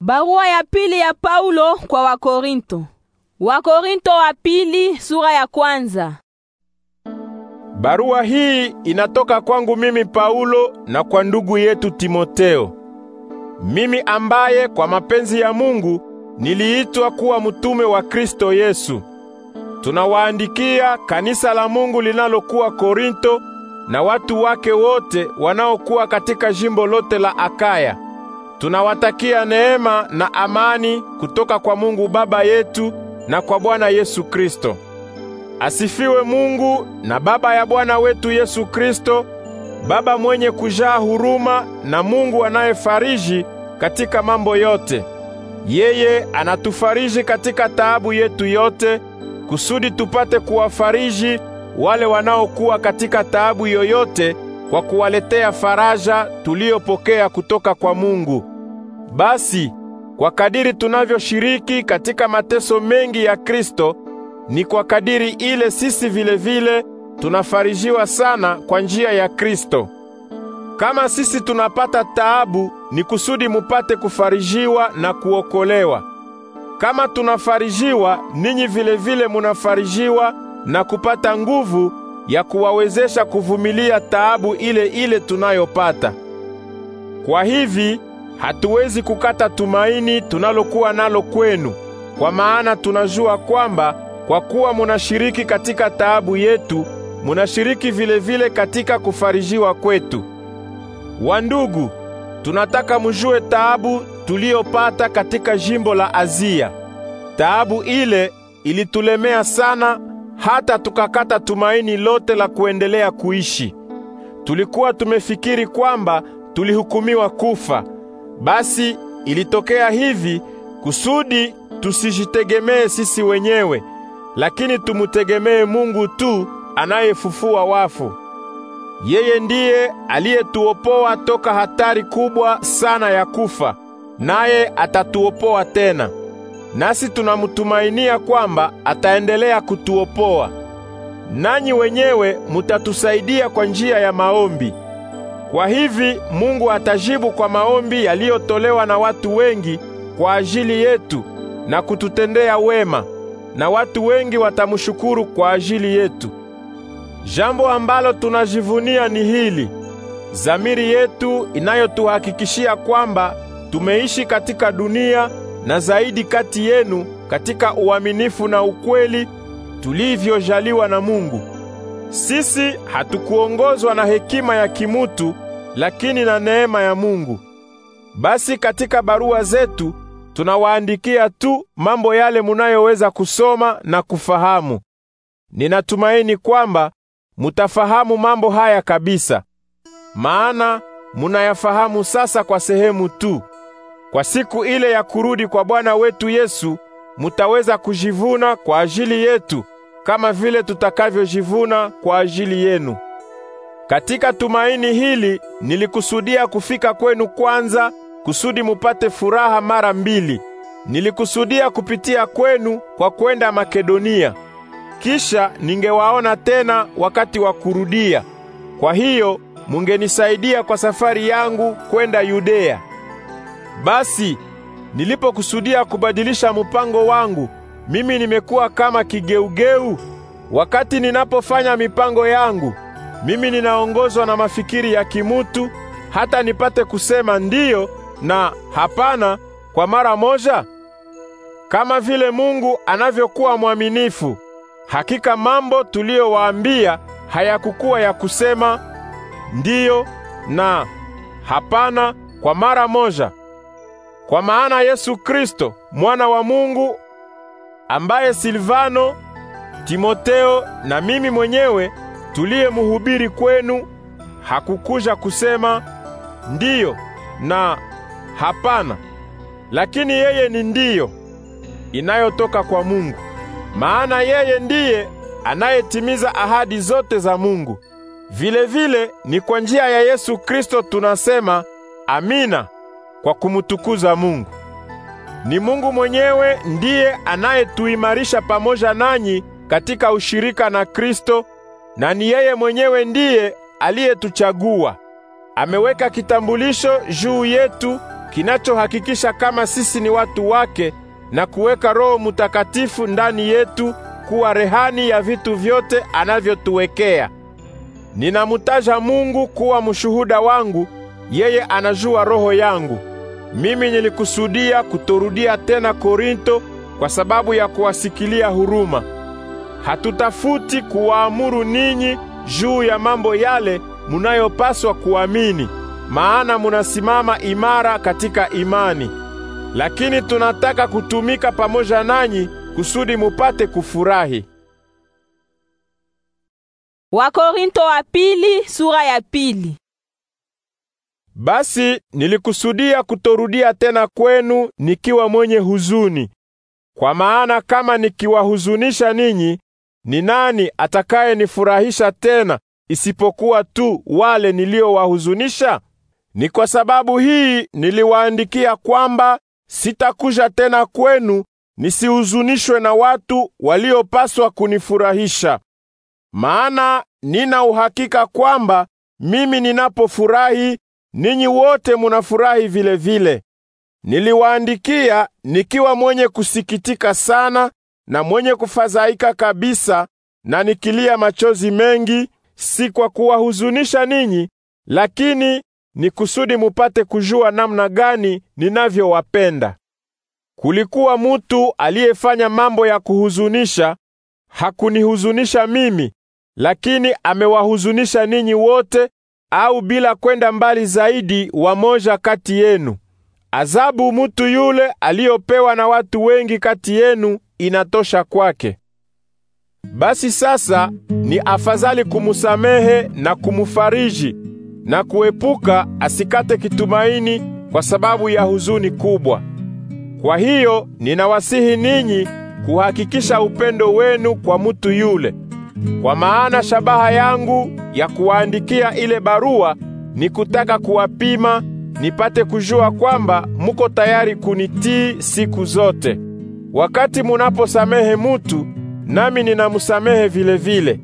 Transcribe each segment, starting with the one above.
Barua ya pili ya Paulo kwa Wakorinto. Wakorinto wa pili sura ya kwanza. Barua hii inatoka kwangu mimi Paulo na kwa ndugu yetu Timoteo. Mimi ambaye kwa mapenzi ya Mungu niliitwa kuwa mtume wa Kristo Yesu. Tunawaandikia kanisa la Mungu linalokuwa Korinto na watu wake wote wanaokuwa katika jimbo lote la Akaya. Tunawatakia neema na amani kutoka kwa Mungu Baba yetu na kwa Bwana Yesu Kristo. Asifiwe Mungu na Baba ya Bwana wetu Yesu Kristo, Baba mwenye kujaa huruma na Mungu anayefariji katika mambo yote. Yeye anatufariji katika taabu yetu yote, kusudi tupate kuwafariji wale wanaokuwa katika taabu yoyote kwa kuwaletea faraja tuliyopokea kutoka kwa Mungu. Basi kwa kadiri tunavyoshiriki katika mateso mengi ya Kristo, ni kwa kadiri ile sisi vilevile tunafarijiwa sana kwa njia ya Kristo. Kama sisi tunapata taabu, ni kusudi mupate kufarijiwa na kuokolewa. Kama tunafarijiwa, ninyi vilevile munafarijiwa na kupata nguvu ya kuwawezesha kuvumilia taabu ile ile tunayopata. Kwa hivi hatuwezi kukata tumaini tunalokuwa nalo kwenu, kwa maana tunajua kwamba kwa kuwa munashiriki katika taabu yetu, munashiriki vile vile katika kufarijiwa kwetu. Wandugu, tunataka mjue taabu tuliyopata katika jimbo la Azia. Taabu ile ilitulemea sana hata tukakata tumaini lote la kuendelea kuishi. Tulikuwa tumefikiri kwamba tulihukumiwa kufa, basi ilitokea hivi kusudi tusijitegemee sisi wenyewe, lakini tumutegemee Mungu tu anayefufua wafu. Yeye ndiye aliyetuopoa toka hatari kubwa sana ya kufa, naye atatuopoa tena nasi tunamutumainia kwamba ataendelea kutuopoa. Nanyi wenyewe mutatusaidia kwa njia ya maombi. Kwa hivi Mungu atajibu kwa maombi yaliyotolewa na watu wengi kwa ajili yetu na kututendea wema, na watu wengi watamshukuru kwa ajili yetu. Jambo ambalo tunajivunia ni hili: zamiri yetu inayotuhakikishia kwamba tumeishi katika dunia na zaidi kati yenu katika uaminifu na ukweli tulivyojaliwa na Mungu. Sisi hatukuongozwa na hekima ya kimutu, lakini na neema ya Mungu. Basi katika barua zetu tunawaandikia tu mambo yale munayoweza kusoma na kufahamu. Ninatumaini kwamba mutafahamu mambo haya kabisa, maana munayafahamu sasa kwa sehemu tu. Kwa siku ile ya kurudi kwa Bwana wetu Yesu mutaweza kujivuna kwa ajili yetu kama vile tutakavyojivuna kwa ajili yenu. Katika tumaini hili nilikusudia kufika kwenu kwanza kusudi mupate furaha mara mbili. Nilikusudia kupitia kwenu kwa kwenda Makedonia. Kisha ningewaona tena wakati wa kurudia. Kwa hiyo mungenisaidia kwa safari yangu kwenda Yudea. Basi nilipokusudia kubadilisha mpango wangu, mimi nimekuwa kama kigeugeu. Wakati ninapofanya mipango yangu, mimi ninaongozwa na mafikiri ya kimutu, hata nipate kusema ndiyo na hapana kwa mara moja. Kama vile Mungu anavyokuwa mwaminifu, hakika mambo tuliyowaambia hayakukuwa ya kusema ndiyo na hapana kwa mara moja, kwa maana Yesu Kristo mwana wa Mungu ambaye Silvano, Timoteo na mimi mwenyewe tuliyemhubiri kwenu hakukuja kusema ndiyo na hapana, lakini yeye ni ndiyo inayotoka kwa Mungu. Maana yeye ndiye anayetimiza ahadi zote za Mungu. vile vile, ni kwa njia ya Yesu Kristo tunasema amina kwa kumtukuza Mungu. Ni Mungu mwenyewe ndiye anayetuimarisha pamoja nanyi katika ushirika na Kristo, na ni yeye mwenyewe ndiye aliyetuchagua. Ameweka kitambulisho juu yetu kinachohakikisha kama sisi ni watu wake, na kuweka Roho Mutakatifu ndani yetu kuwa rehani ya vitu vyote anavyotuwekea. Ninamutaja Mungu kuwa mshuhuda wangu yeye anajua roho yangu. Mimi nilikusudia kutorudia tena Korinto kwa sababu ya kuwasikilia huruma. Hatutafuti kuwaamuru ninyi juu ya mambo yale munayopaswa kuamini, maana munasimama imara katika imani. Lakini tunataka kutumika pamoja nanyi kusudi mupate kufurahi. Wakorinto wa pili, sura ya pili. Basi nilikusudia kutorudia tena kwenu nikiwa mwenye huzuni, kwa maana kama nikiwahuzunisha ninyi, ni nani atakayenifurahisha tena isipokuwa tu wale niliowahuzunisha? Ni kwa sababu hii niliwaandikia kwamba sitakuja tena kwenu nisihuzunishwe na watu waliopaswa kunifurahisha. Maana nina uhakika kwamba mimi ninapofurahi ninyi wote munafurahi vile vile. Niliwaandikia nikiwa mwenye kusikitika sana na mwenye kufadhaika kabisa na nikilia machozi mengi, si kwa kuwahuzunisha ninyi, lakini ni kusudi mupate kujua namna gani ninavyowapenda. Kulikuwa mutu aliyefanya mambo ya kuhuzunisha, hakunihuzunisha mimi, lakini amewahuzunisha ninyi wote au bila kwenda mbali zaidi, wamoja kati yenu. Adhabu mutu yule aliyopewa na watu wengi kati yenu inatosha kwake. Basi sasa ni afadhali kumusamehe na kumufariji na kuepuka asikate kitumaini kwa sababu ya huzuni kubwa. Kwa hiyo ninawasihi ninyi kuhakikisha upendo wenu kwa mutu yule. Kwa maana shabaha yangu ya kuwaandikia ile barua ni kutaka kuwapima, nipate kujua kwamba muko tayari kunitii siku zote. Wakati munaposamehe mutu, nami ninamusamehe vile vile.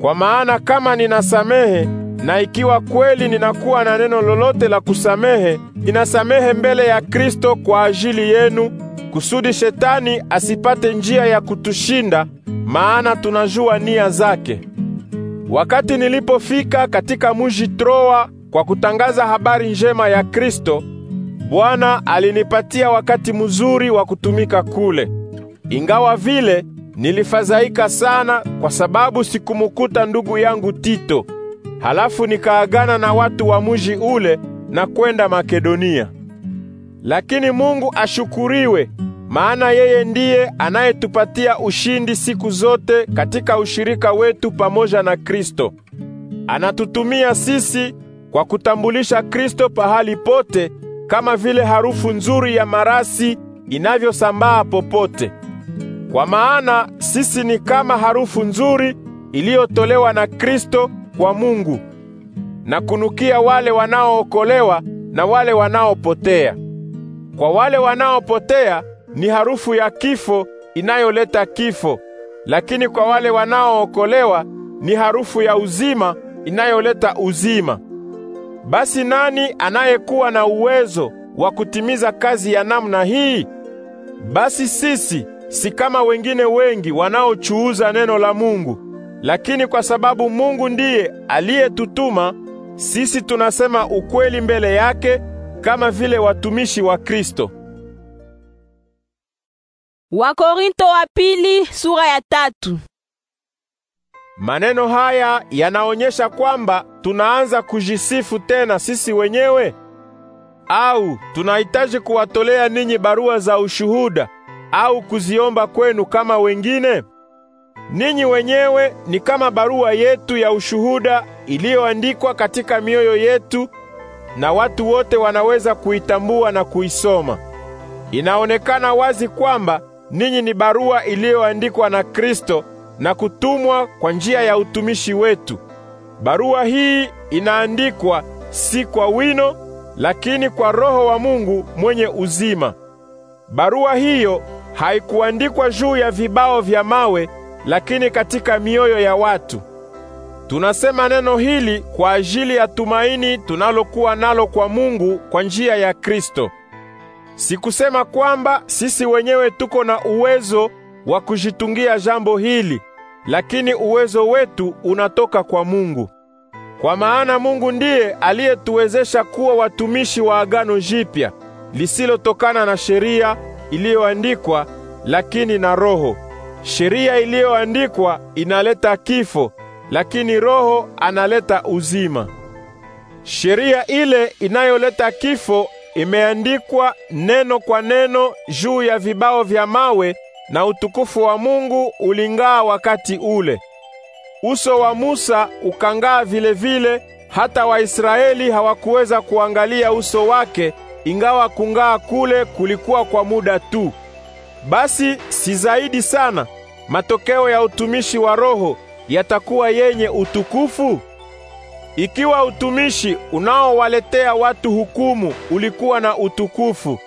Kwa maana kama ninasamehe na ikiwa kweli ninakuwa na neno lolote la kusamehe, ninasamehe mbele ya Kristo kwa ajili yenu, kusudi shetani asipate njia ya kutushinda maana tunajua nia zake. Wakati nilipofika katika mji Troa kwa kutangaza habari njema ya Kristo, Bwana alinipatia wakati mzuri wa kutumika kule. Ingawa vile nilifadhaika sana kwa sababu sikumukuta ndugu yangu Tito. Halafu nikaagana na watu wa mji ule na kwenda Makedonia. Lakini Mungu ashukuriwe maana yeye ndiye anayetupatia ushindi siku zote katika ushirika wetu pamoja na Kristo. Anatutumia sisi kwa kutambulisha Kristo pahali pote, kama vile harufu nzuri ya marasi inavyosambaa popote. Kwa maana sisi ni kama harufu nzuri iliyotolewa na Kristo kwa Mungu na kunukia wale wanaookolewa na wale wanaopotea. Kwa wale wanaopotea ni harufu ya kifo inayoleta kifo, lakini kwa wale wanaookolewa ni harufu ya uzima inayoleta uzima. Basi nani anayekuwa na uwezo wa kutimiza kazi ya namna hii? Basi sisi si kama wengine wengi wanaochuuza neno la Mungu, lakini kwa sababu Mungu ndiye aliyetutuma, sisi tunasema ukweli mbele yake kama vile watumishi wa Kristo. Wakorinto wa pili sura ya tatu. Maneno haya yanaonyesha kwamba tunaanza kujisifu tena sisi wenyewe au tunahitaji kuwatolea ninyi barua za ushuhuda au kuziomba kwenu kama wengine? Ninyi wenyewe ni kama barua yetu ya ushuhuda iliyoandikwa katika mioyo yetu na watu wote wanaweza kuitambua na kuisoma. Inaonekana wazi kwamba ninyi ni barua iliyoandikwa na Kristo na kutumwa kwa njia ya utumishi wetu. Barua hii inaandikwa si kwa wino, lakini kwa Roho wa Mungu mwenye uzima. Barua hiyo haikuandikwa juu ya vibao vya mawe, lakini katika mioyo ya watu. Tunasema neno hili kwa ajili ya tumaini tunalokuwa nalo kwa Mungu kwa njia ya Kristo. Sikusema kwamba sisi wenyewe tuko na uwezo wa kujitungia jambo hili, lakini uwezo wetu unatoka kwa Mungu. Kwa maana Mungu ndiye aliyetuwezesha kuwa watumishi wa agano jipya lisilotokana na sheria iliyoandikwa, lakini na Roho. Sheria iliyoandikwa inaleta kifo, lakini Roho analeta uzima. Sheria ile inayoleta kifo imeandikwa neno kwa neno juu ya vibao vya mawe, na utukufu wa Mungu uling'aa wakati ule. Uso wa Musa ukang'aa vile vile, hata Waisraeli hawakuweza kuangalia uso wake, ingawa kung'aa kule kulikuwa kwa muda tu. Basi si zaidi sana matokeo ya utumishi wa Roho yatakuwa yenye utukufu? Ikiwa utumishi unaowaletea watu hukumu ulikuwa na utukufu,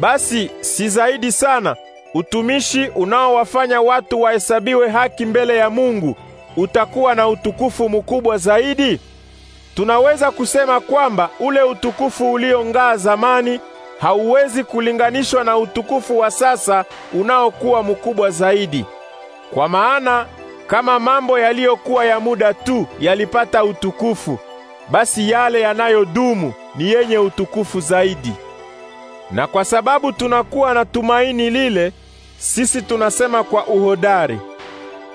basi si zaidi sana utumishi unaowafanya watu wahesabiwe haki mbele ya Mungu utakuwa na utukufu mkubwa zaidi? Tunaweza kusema kwamba ule utukufu uliong'aa zamani hauwezi kulinganishwa na utukufu wa sasa unaokuwa mkubwa zaidi. Kwa maana kama mambo yaliyokuwa ya muda tu yalipata utukufu, basi yale yanayodumu ni yenye utukufu zaidi. Na kwa sababu tunakuwa na tumaini lile, sisi tunasema kwa uhodari.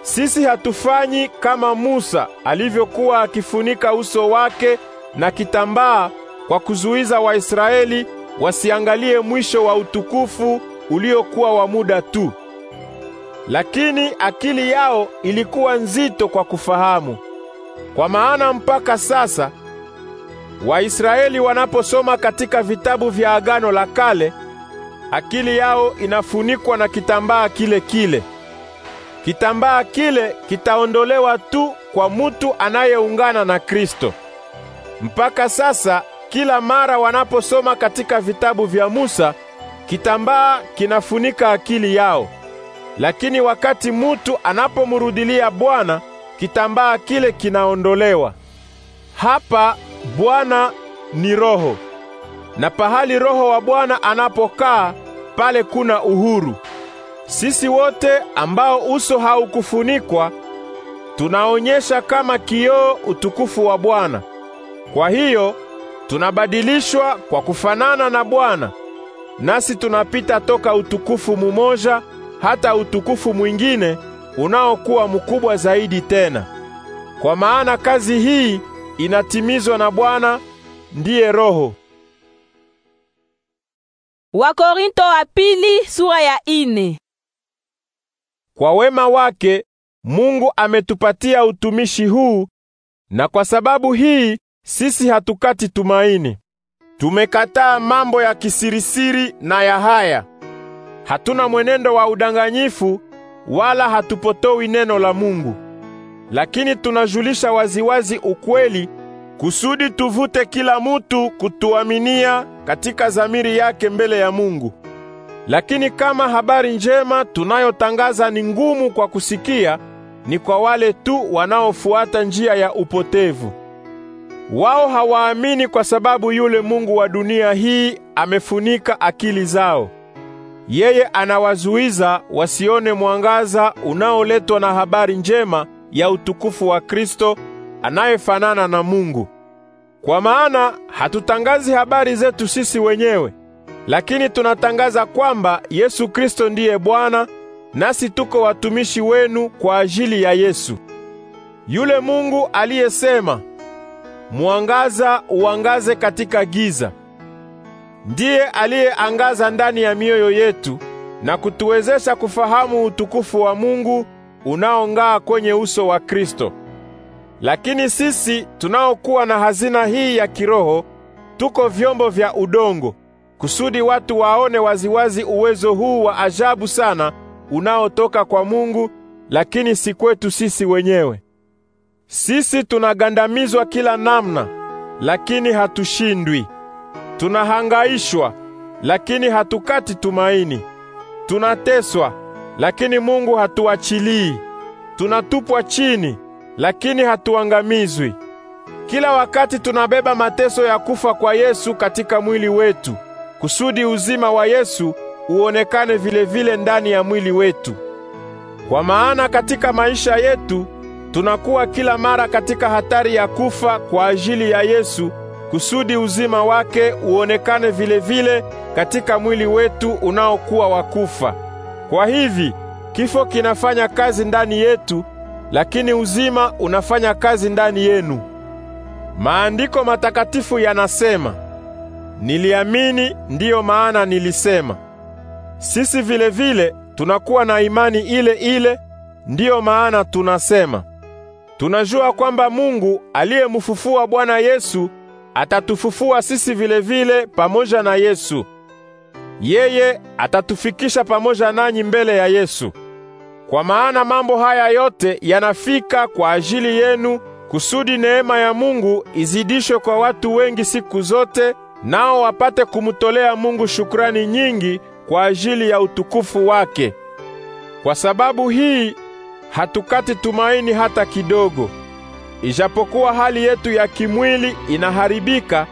Sisi hatufanyi kama Musa alivyokuwa akifunika uso wake na kitambaa kwa kuzuiza Waisraeli wasiangalie mwisho wa utukufu uliokuwa wa muda tu lakini akili yao ilikuwa nzito kwa kufahamu. Kwa maana mpaka sasa Waisraeli wanaposoma katika vitabu vya Agano la Kale, akili yao inafunikwa na kitambaa kile kile. Kitambaa kile kitaondolewa tu kwa mutu anayeungana na Kristo. Mpaka sasa kila mara wanaposoma katika vitabu vya Musa, kitambaa kinafunika akili yao. Lakini wakati mutu anapomurudilia Bwana, kitambaa kile kinaondolewa. Hapa Bwana ni Roho, na pahali Roho wa Bwana anapokaa, pale kuna uhuru. Sisi wote ambao uso haukufunikwa tunaonyesha kama kioo utukufu wa Bwana. Kwa hiyo tunabadilishwa kwa kufanana na Bwana, nasi tunapita toka utukufu mumoja hata utukufu mwingine unaokuwa mkubwa zaidi tena. Kwa maana kazi hii inatimizwa na Bwana ndiye Roho. Wakorinto wa pili sura ya ine. Kwa wema wake Mungu ametupatia utumishi huu na kwa sababu hii sisi hatukati tumaini. Tumekataa mambo ya kisirisiri na ya haya hatuna mwenendo wa udanganyifu wala hatupotowi neno la Mungu, lakini tunajulisha waziwazi ukweli kusudi tuvute kila mutu kutuaminia katika zamiri yake mbele ya Mungu. Lakini kama habari njema tunayotangaza ni ngumu kwa kusikia, ni kwa wale tu wanaofuata njia ya upotevu. Wao hawaamini kwa sababu yule mungu wa dunia hii amefunika akili zao. Yeye anawazuiza wasione mwangaza unaoletwa na habari njema ya utukufu wa Kristo anayefanana na Mungu. Kwa maana hatutangazi habari zetu sisi wenyewe, lakini tunatangaza kwamba Yesu Kristo ndiye Bwana, nasi tuko watumishi wenu kwa ajili ya Yesu. Yule Mungu aliyesema, mwangaza uangaze katika giza ndiye aliyeangaza ndani ya mioyo yetu na kutuwezesha kufahamu utukufu wa Mungu unaong'aa kwenye uso wa Kristo. Lakini sisi tunaokuwa na hazina hii ya kiroho tuko vyombo vya udongo, kusudi watu waone waziwazi uwezo huu wa ajabu sana unaotoka kwa Mungu, lakini si kwetu sisi wenyewe. Sisi tunagandamizwa kila namna, lakini hatushindwi tunahangaishwa lakini hatukati tumaini, tunateswa lakini Mungu hatuachilii, tunatupwa chini lakini hatuangamizwi. Kila wakati tunabeba mateso ya kufa kwa Yesu katika mwili wetu, kusudi uzima wa Yesu uonekane vile vile ndani ya mwili wetu. Kwa maana katika maisha yetu tunakuwa kila mara katika hatari ya kufa kwa ajili ya Yesu kusudi uzima wake uonekane vilevile vile katika mwili wetu unaokuwa wakufa. Kwa hivi kifo kinafanya kazi ndani yetu, lakini uzima unafanya kazi ndani yenu. Maandiko matakatifu yanasema, niliamini ndiyo maana nilisema. Sisi vile vile tunakuwa na imani ile ile, ndiyo maana tunasema. Tunajua kwamba Mungu aliyemfufua Bwana Yesu atatufufua sisi vilevile vile pamoja na Yesu. Yeye atatufikisha pamoja nanyi mbele ya Yesu. Kwa maana mambo haya yote yanafika kwa ajili yenu, kusudi neema ya Mungu izidishwe kwa watu wengi siku zote, nao wapate kumtolea Mungu shukrani nyingi kwa ajili ya utukufu wake. Kwa sababu hii hatukati tumaini hata kidogo. Ijapokuwa hali yetu ya kimwili inaharibika,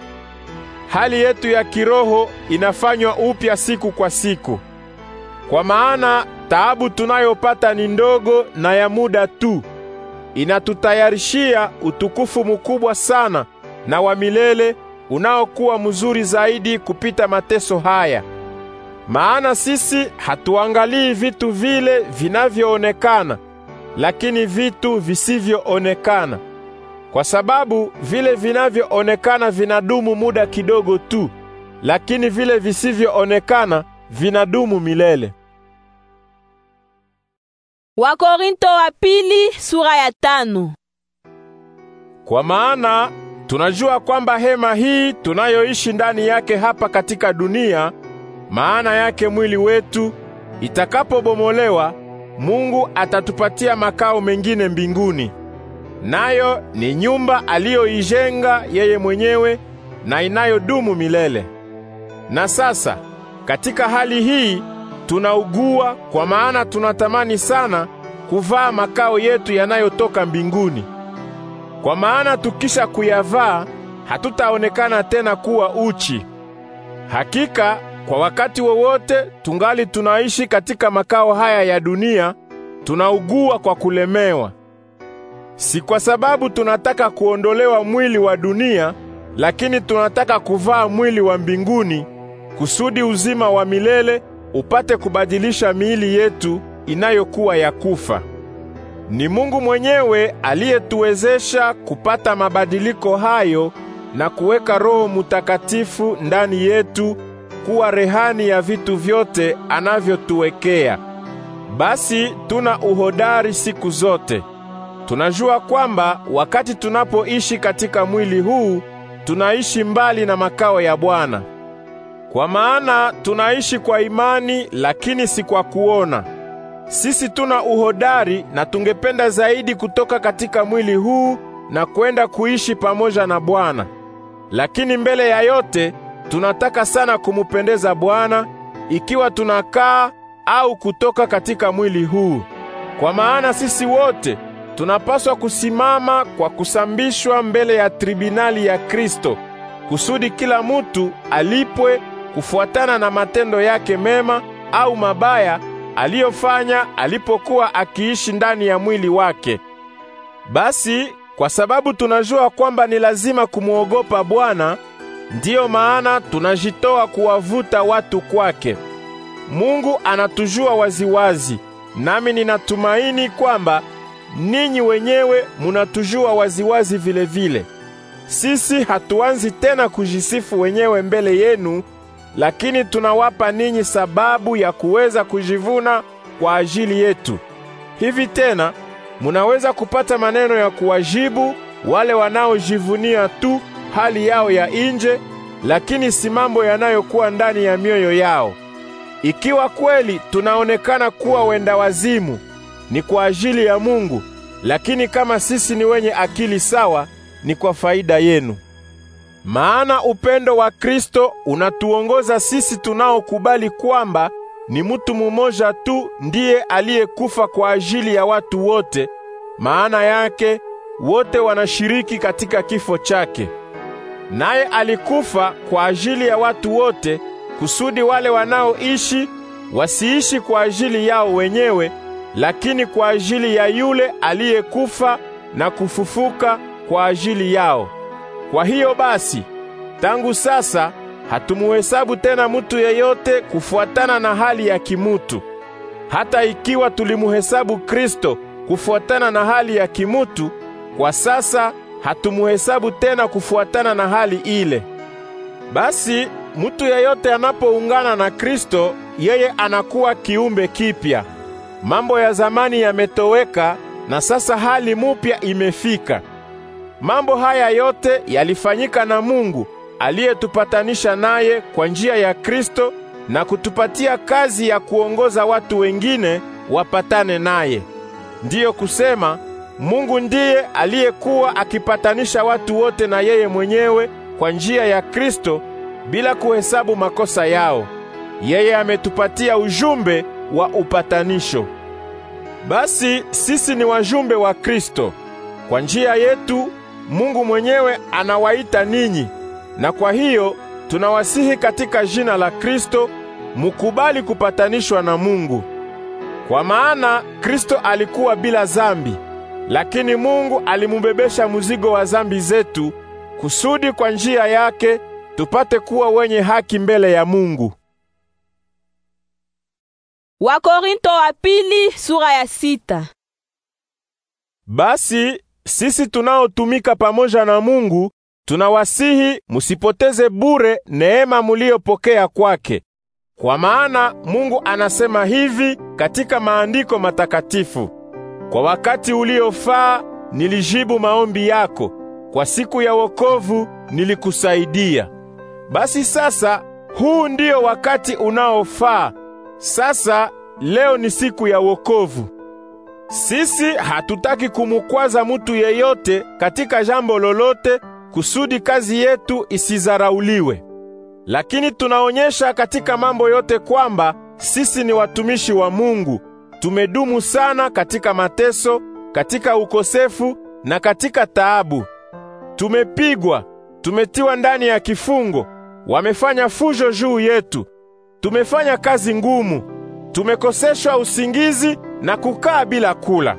hali yetu ya kiroho inafanywa upya siku kwa siku. Kwa maana taabu tunayopata ni ndogo na ya muda tu, inatutayarishia utukufu mkubwa sana na wa milele unaokuwa mzuri zaidi kupita mateso haya. Maana sisi hatuangalii vitu vile vinavyoonekana, lakini vitu visivyoonekana kwa sababu vile vinavyoonekana vinadumu muda kidogo tu, lakini vile visivyoonekana vinadumu milele. Wakorinto wa pili sura ya tano. Kwa maana tunajua kwamba hema hii tunayoishi ndani yake hapa katika dunia, maana yake mwili wetu, itakapobomolewa, Mungu atatupatia makao mengine mbinguni nayo ni nyumba aliyoijenga yeye mwenyewe na inayodumu milele. Na sasa katika hali hii tunaugua kwa maana tunatamani sana kuvaa makao yetu yanayotoka mbinguni. Kwa maana tukisha kuyavaa hatutaonekana tena kuwa uchi. Hakika kwa wakati wowote tungali tunaishi katika makao haya ya dunia, tunaugua kwa kulemewa si kwa sababu tunataka kuondolewa mwili wa dunia, lakini tunataka kuvaa mwili wa mbinguni, kusudi uzima wa milele upate kubadilisha miili yetu inayokuwa ya kufa. Ni Mungu mwenyewe aliyetuwezesha kupata mabadiliko hayo na kuweka Roho Mutakatifu ndani yetu kuwa rehani ya vitu vyote anavyotuwekea. Basi tuna uhodari siku zote. Tunajua kwamba wakati tunapoishi katika mwili huu tunaishi mbali na makao ya Bwana. Kwa maana tunaishi kwa imani lakini si kwa kuona. Sisi tuna uhodari na tungependa zaidi kutoka katika mwili huu na kwenda kuishi pamoja na Bwana. Lakini mbele ya yote tunataka sana kumupendeza Bwana ikiwa tunakaa au kutoka katika mwili huu. Kwa maana sisi wote tunapaswa kusimama kwa kusambishwa mbele ya tribinali ya Kristo kusudi kila mutu alipwe kufuatana na matendo yake mema au mabaya aliyofanya alipokuwa akiishi ndani ya mwili wake. Basi kwa sababu tunajua kwamba ni lazima kumwogopa Bwana, ndiyo maana tunajitoa kuwavuta watu kwake. Mungu anatujua waziwazi, nami ninatumaini kwamba ninyi wenyewe munatujua waziwazi vile vile. Sisi hatuanzi tena kujisifu wenyewe mbele yenu, lakini tunawapa ninyi sababu ya kuweza kujivuna kwa ajili yetu. Hivi tena munaweza kupata maneno ya kuwajibu wale wanaojivunia tu hali yao ya nje, lakini si mambo yanayokuwa ndani ya mioyo yao. Ikiwa kweli tunaonekana kuwa wendawazimu ni kwa ajili ya Mungu, lakini kama sisi ni wenye akili sawa, ni kwa faida yenu. Maana upendo wa Kristo unatuongoza sisi tunaokubali kwamba ni mtu mumoja tu ndiye aliyekufa kwa ajili ya watu wote, maana yake wote wanashiriki katika kifo chake. Naye alikufa kwa ajili ya watu wote, kusudi wale wanaoishi wasiishi kwa ajili yao wenyewe lakini kwa ajili ya yule aliyekufa na kufufuka kwa ajili yao. Kwa hiyo basi, tangu sasa hatumuhesabu tena mutu yeyote kufuatana na hali ya kimutu. Hata ikiwa tulimuhesabu Kristo kufuatana na hali ya kimutu, kwa sasa hatumuhesabu tena kufuatana na hali ile. Basi mutu yeyote anapoungana na Kristo, yeye anakuwa kiumbe kipya. Mambo ya zamani yametoweka na sasa hali mupya imefika. Mambo haya yote yalifanyika na Mungu aliyetupatanisha naye kwa njia ya Kristo na kutupatia kazi ya kuongoza watu wengine wapatane naye. Ndiyo kusema Mungu ndiye aliyekuwa akipatanisha watu wote na yeye mwenyewe kwa njia ya Kristo bila kuhesabu makosa yao. Yeye ametupatia ujumbe wa upatanisho. Basi sisi ni wajumbe wa Kristo. Kwa njia yetu Mungu mwenyewe anawaita ninyi, na kwa hiyo tunawasihi katika jina la Kristo mukubali kupatanishwa na Mungu. Kwa maana Kristo alikuwa bila zambi, lakini Mungu alimubebesha mzigo wa zambi zetu kusudi kwa njia yake tupate kuwa wenye haki mbele ya Mungu. Wakorinto wa pili sura ya sita. Basi sisi tunaotumika pamoja na Mungu tunawasihi musipoteze bure neema muliyopokea kwake, kwa maana Mungu anasema hivi katika maandiko matakatifu: kwa wakati uliofaa nilijibu maombi yako, kwa siku ya wokovu nilikusaidia. Basi sasa huu ndio wakati unaofaa sasa leo ni siku ya wokovu. Sisi hatutaki kumukwaza mutu yeyote katika jambo lolote kusudi kazi yetu isizarauliwe. Lakini tunaonyesha katika mambo yote kwamba sisi ni watumishi wa Mungu. Tumedumu sana katika mateso, katika ukosefu na katika taabu. Tumepigwa, tumetiwa ndani ya kifungo. Wamefanya fujo juu yetu, tumefanya kazi ngumu, tumekoseshwa usingizi na kukaa bila kula.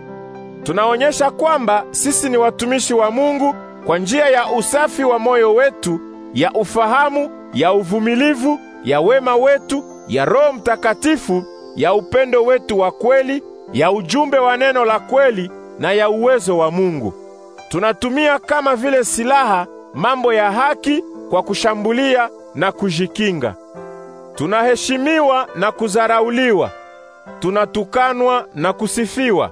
Tunaonyesha kwamba sisi ni watumishi wa Mungu kwa njia ya usafi wa moyo wetu, ya ufahamu, ya uvumilivu, ya wema wetu, ya Roho Mtakatifu, ya upendo wetu wa kweli, ya ujumbe wa neno la kweli na ya uwezo wa Mungu. Tunatumia kama vile silaha mambo ya haki kwa kushambulia na kujikinga tunaheshimiwa na kuzarauliwa, tunatukanwa na kusifiwa,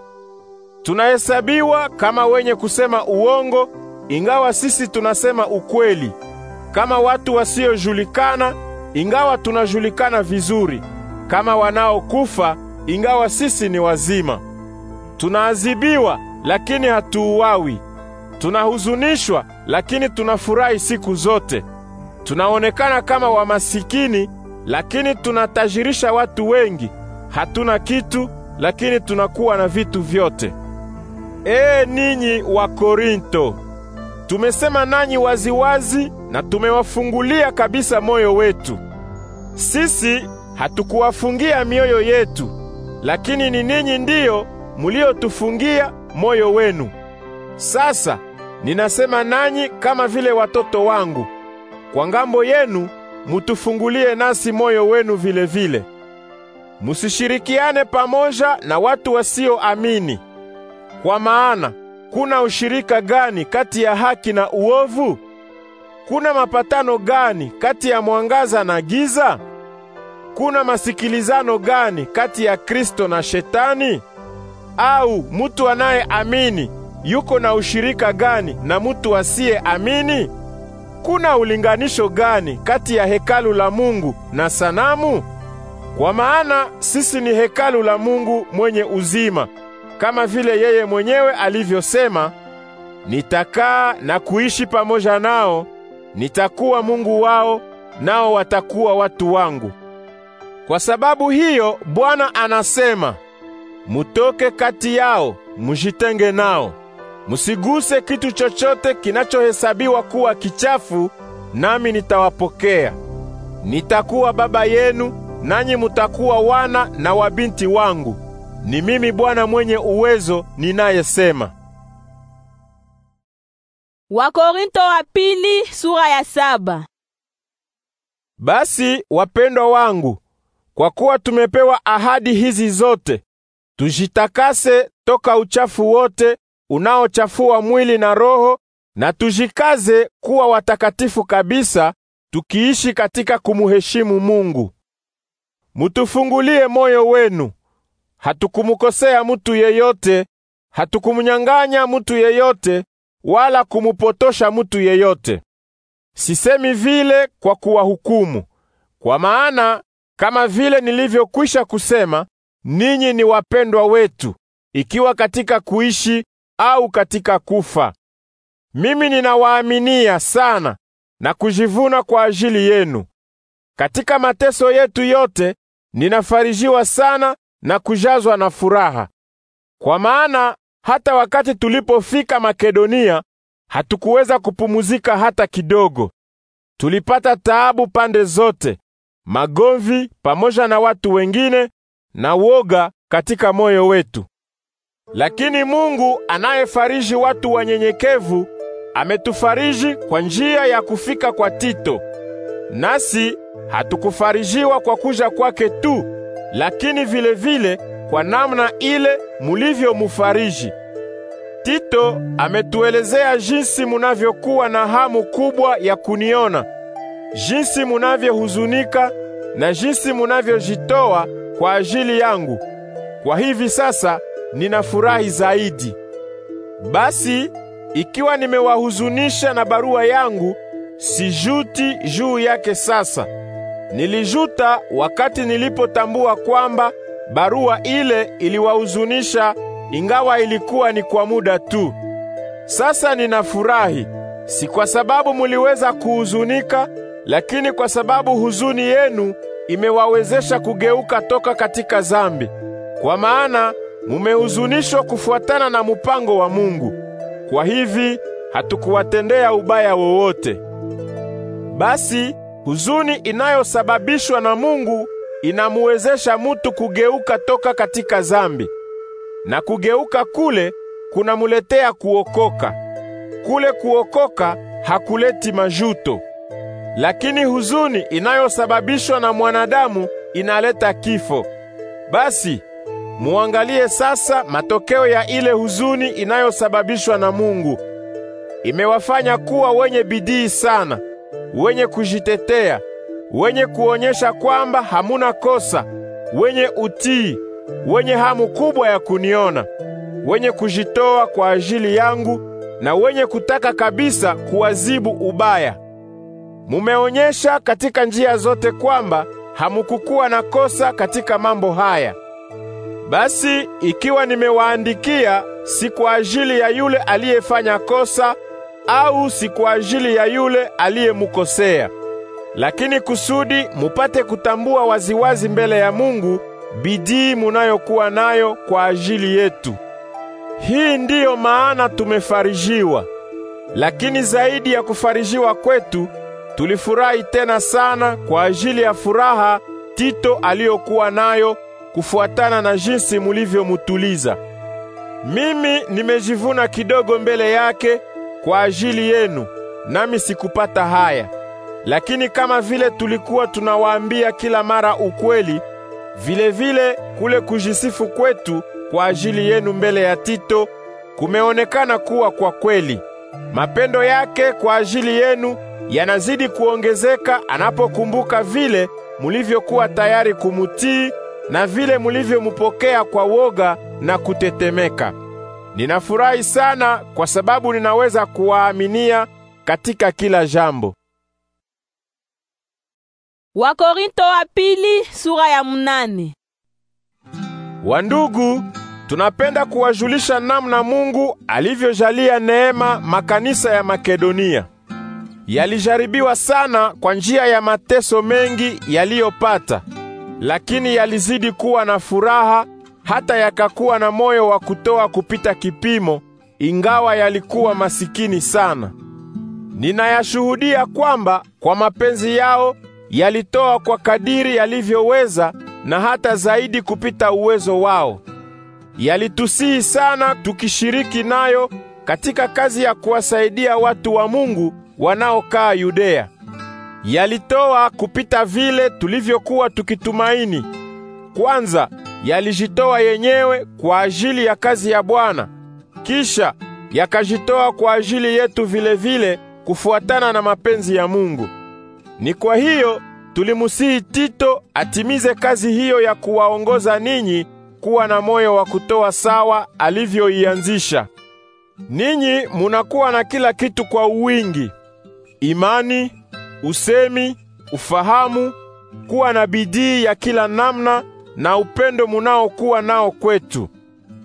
tunahesabiwa kama wenye kusema uongo, ingawa sisi tunasema ukweli, kama watu wasiojulikana, ingawa tunajulikana vizuri, kama wanaokufa, ingawa sisi ni wazima. Tunaadhibiwa lakini hatuuawi, tunahuzunishwa lakini tunafurahi siku zote, tunaonekana kama wamasikini lakini tunatajirisha watu wengi. Hatuna kitu, lakini tunakuwa na vitu vyote. Ee ninyi wa Korinto, tumesema nanyi waziwazi na tumewafungulia kabisa moyo wetu. Sisi hatukuwafungia mioyo yetu, lakini ni ninyi ndiyo muliotufungia moyo wenu. Sasa ninasema nanyi kama vile watoto wangu. Kwa ngambo yenu mutufungulie nasi moyo wenu vilevile. Musishirikiane pamoja na watu wasioamini, kwa maana kuna ushirika gani kati ya haki na uovu? Kuna mapatano gani kati ya mwangaza na giza? Kuna masikilizano gani kati ya Kristo na Shetani? Au mutu anayeamini yuko na ushirika gani na mutu asiyeamini? Kuna ulinganisho gani kati ya hekalu la Mungu na sanamu? Kwa maana sisi ni hekalu la Mungu mwenye uzima, kama vile yeye mwenyewe alivyosema, nitakaa na kuishi pamoja nao, nitakuwa Mungu wao, nao watakuwa watu wangu. Kwa sababu hiyo Bwana anasema, mutoke kati yao, mujitenge nao Musiguse kitu chochote kinachohesabiwa kuwa kichafu, nami nitawapokea. Nitakuwa baba yenu, nanyi mutakuwa wana na wabinti wangu. Ni mimi Bwana mwenye uwezo ninayesema. Wakorinto wa pili sura ya saba. Basi wapendwa wangu, kwa kuwa tumepewa ahadi hizi zote, tujitakase toka uchafu wote unaochafua mwili na roho, na tujikaze kuwa watakatifu kabisa, tukiishi katika kumuheshimu Mungu. Mutufungulie moyo wenu. Hatukumukosea mutu yeyote, hatukumnyang'anya mutu yeyote wala kumupotosha mutu yeyote. Sisemi vile kwa kuwahukumu, kwa maana kama vile nilivyokwisha kusema, ninyi ni wapendwa wetu ikiwa katika kuishi au katika kufa. Mimi ninawaaminia sana na kujivuna kwa ajili yenu. Katika mateso yetu yote ninafarijiwa sana na kujazwa na furaha, kwa maana hata wakati tulipofika Makedonia hatukuweza kupumuzika hata kidogo. Tulipata taabu pande zote, magomvi pamoja na watu wengine na woga katika moyo wetu. Lakini Mungu anayefariji watu wanyenyekevu ametufariji kwa njia ya kufika kwa Tito. Nasi hatukufarijiwa kwa kuja kwake tu, lakini vile vile kwa namna ile mulivyomufariji. Tito ametuelezea jinsi munavyokuwa na hamu kubwa ya kuniona, jinsi munavyohuzunika na jinsi munavyojitoa kwa ajili yangu. Kwa hivi sasa ninafurahi zaidi. Basi ikiwa nimewahuzunisha na barua yangu, sijuti juu yake sasa. Nilijuta wakati nilipotambua kwamba barua ile iliwahuzunisha ingawa ilikuwa ni kwa muda tu. Sasa ninafurahi si kwa sababu muliweza kuhuzunika, lakini kwa sababu huzuni yenu imewawezesha kugeuka toka katika zambi. Kwa maana mumehuzunishwa kufuatana na mupango wa Mungu. Kwa hivi hatukuwatendea ubaya wowote. Basi huzuni inayosababishwa na Mungu inamuwezesha mutu kugeuka toka katika zambi, na kugeuka kule kunamuletea kuokoka. Kule kuokoka hakuleti majuto, lakini huzuni inayosababishwa na mwanadamu inaleta kifo. Basi Muangalie sasa matokeo ya ile huzuni inayosababishwa na Mungu. Imewafanya kuwa wenye bidii sana, wenye kujitetea, wenye kuonyesha kwamba hamuna kosa, wenye utii, wenye hamu kubwa ya kuniona, wenye kujitoa kwa ajili yangu na wenye kutaka kabisa kuwazibu ubaya. Mumeonyesha katika njia zote kwamba hamukukuwa na kosa katika mambo haya. Basi ikiwa nimewaandikia, si kwa ajili ya yule aliyefanya kosa au si kwa ajili ya yule aliyemkosea, lakini kusudi mupate kutambua waziwazi mbele ya Mungu bidii munayokuwa nayo kwa ajili yetu. Hii ndiyo maana tumefarijiwa. Lakini zaidi ya kufarijiwa kwetu, tulifurahi tena sana kwa ajili ya furaha Tito aliyokuwa nayo kufuatana na jinsi mulivyomutuliza. Mimi nimejivuna kidogo mbele yake kwa ajili yenu, nami sikupata haya. Lakini kama vile tulikuwa tunawaambia kila mara ukweli, vile vile kule kujisifu kwetu kwa ajili yenu mbele ya Tito kumeonekana kuwa kwa kweli. Mapendo yake kwa ajili yenu yanazidi kuongezeka anapokumbuka vile mulivyokuwa tayari kumutii na vile mulivyomupokea kwa woga na kutetemeka. Ninafurahi sana kwa sababu ninaweza kuwaaminia katika kila jambo. Wakorinto wa pili sura ya munane. Wandugu, tunapenda kuwajulisha namna Mungu alivyojalia neema makanisa ya Makedonia. Yalijaribiwa sana kwa njia ya mateso mengi yaliyopata lakini yalizidi kuwa na furaha hata yakakuwa na moyo wa kutoa kupita kipimo, ingawa yalikuwa masikini sana. Ninayashuhudia kwamba kwa mapenzi yao yalitoa kwa kadiri yalivyoweza na hata zaidi kupita uwezo wao. Yalitusihi sana tukishiriki nayo katika kazi ya kuwasaidia watu wa Mungu wanaokaa Yudea yalitoa kupita vile tulivyokuwa tukitumaini. Kwanza yalijitoa yenyewe kwa ajili ya kazi ya Bwana, kisha yakajitoa kwa ajili yetu vile vile kufuatana na mapenzi ya Mungu. Ni kwa hiyo tulimusihi Tito atimize kazi hiyo ya kuwaongoza ninyi kuwa na moyo wa kutoa sawa alivyoianzisha. Ninyi munakuwa na kila kitu kwa uwingi: imani, usemi, ufahamu, kuwa na bidii ya kila namna na upendo munaokuwa nao kwetu.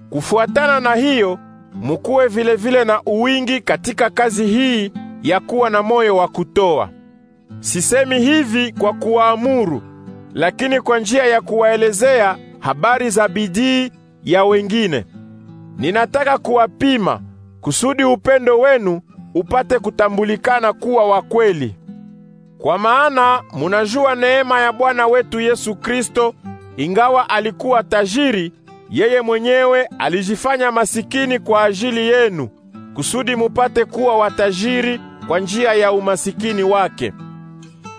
Kufuatana na hiyo, mukuwe vilevile vile na uwingi katika kazi hii ya kuwa na moyo wa kutoa. Sisemi hivi kwa kuwaamuru, lakini kwa njia ya kuwaelezea habari za bidii ya wengine. Ninataka kuwapima kusudi upendo wenu upate kutambulikana kuwa wa kweli. Kwa maana munajua neema ya Bwana wetu Yesu Kristo, ingawa alikuwa tajiri, yeye mwenyewe alijifanya masikini kwa ajili yenu, kusudi mupate kuwa watajiri kwa njia ya umasikini wake.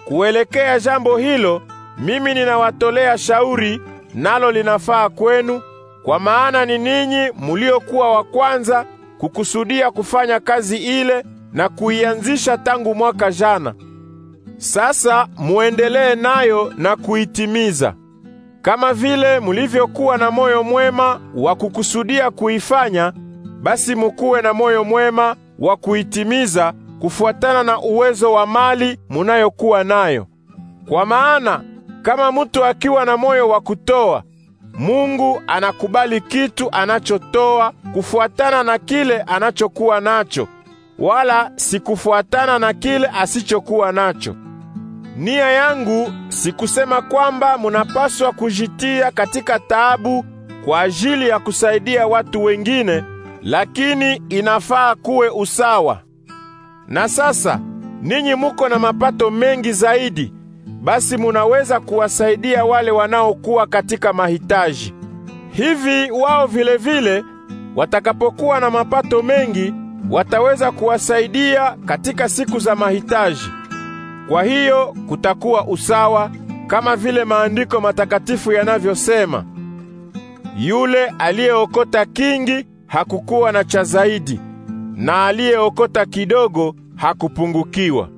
Kuelekea jambo hilo, mimi ninawatolea shauri, nalo linafaa kwenu, kwa maana ni ninyi muliokuwa wa kwanza kukusudia kufanya kazi ile na kuianzisha tangu mwaka jana. Sasa muendelee nayo na kuitimiza, kama vile mulivyokuwa na moyo mwema wa kukusudia kuifanya, basi mukuwe na moyo mwema wa kuitimiza kufuatana na uwezo wa mali munayokuwa nayo. Kwa maana kama mtu akiwa na moyo wa kutoa, Mungu anakubali kitu anachotoa kufuatana na kile anachokuwa nacho, wala sikufuatana na kile asichokuwa nacho. Nia yangu sikusema kwamba munapaswa kujitia katika taabu kwa ajili ya kusaidia watu wengine, lakini inafaa kuwe usawa. Na sasa ninyi muko na mapato mengi zaidi, basi munaweza kuwasaidia wale wanaokuwa katika mahitaji. Hivi wao vilevile watakapokuwa na mapato mengi wataweza kuwasaidia katika siku za mahitaji. Kwa hiyo kutakuwa usawa, kama vile maandiko matakatifu yanavyosema, yule aliyeokota kingi hakukuwa na cha zaidi, na aliyeokota kidogo hakupungukiwa.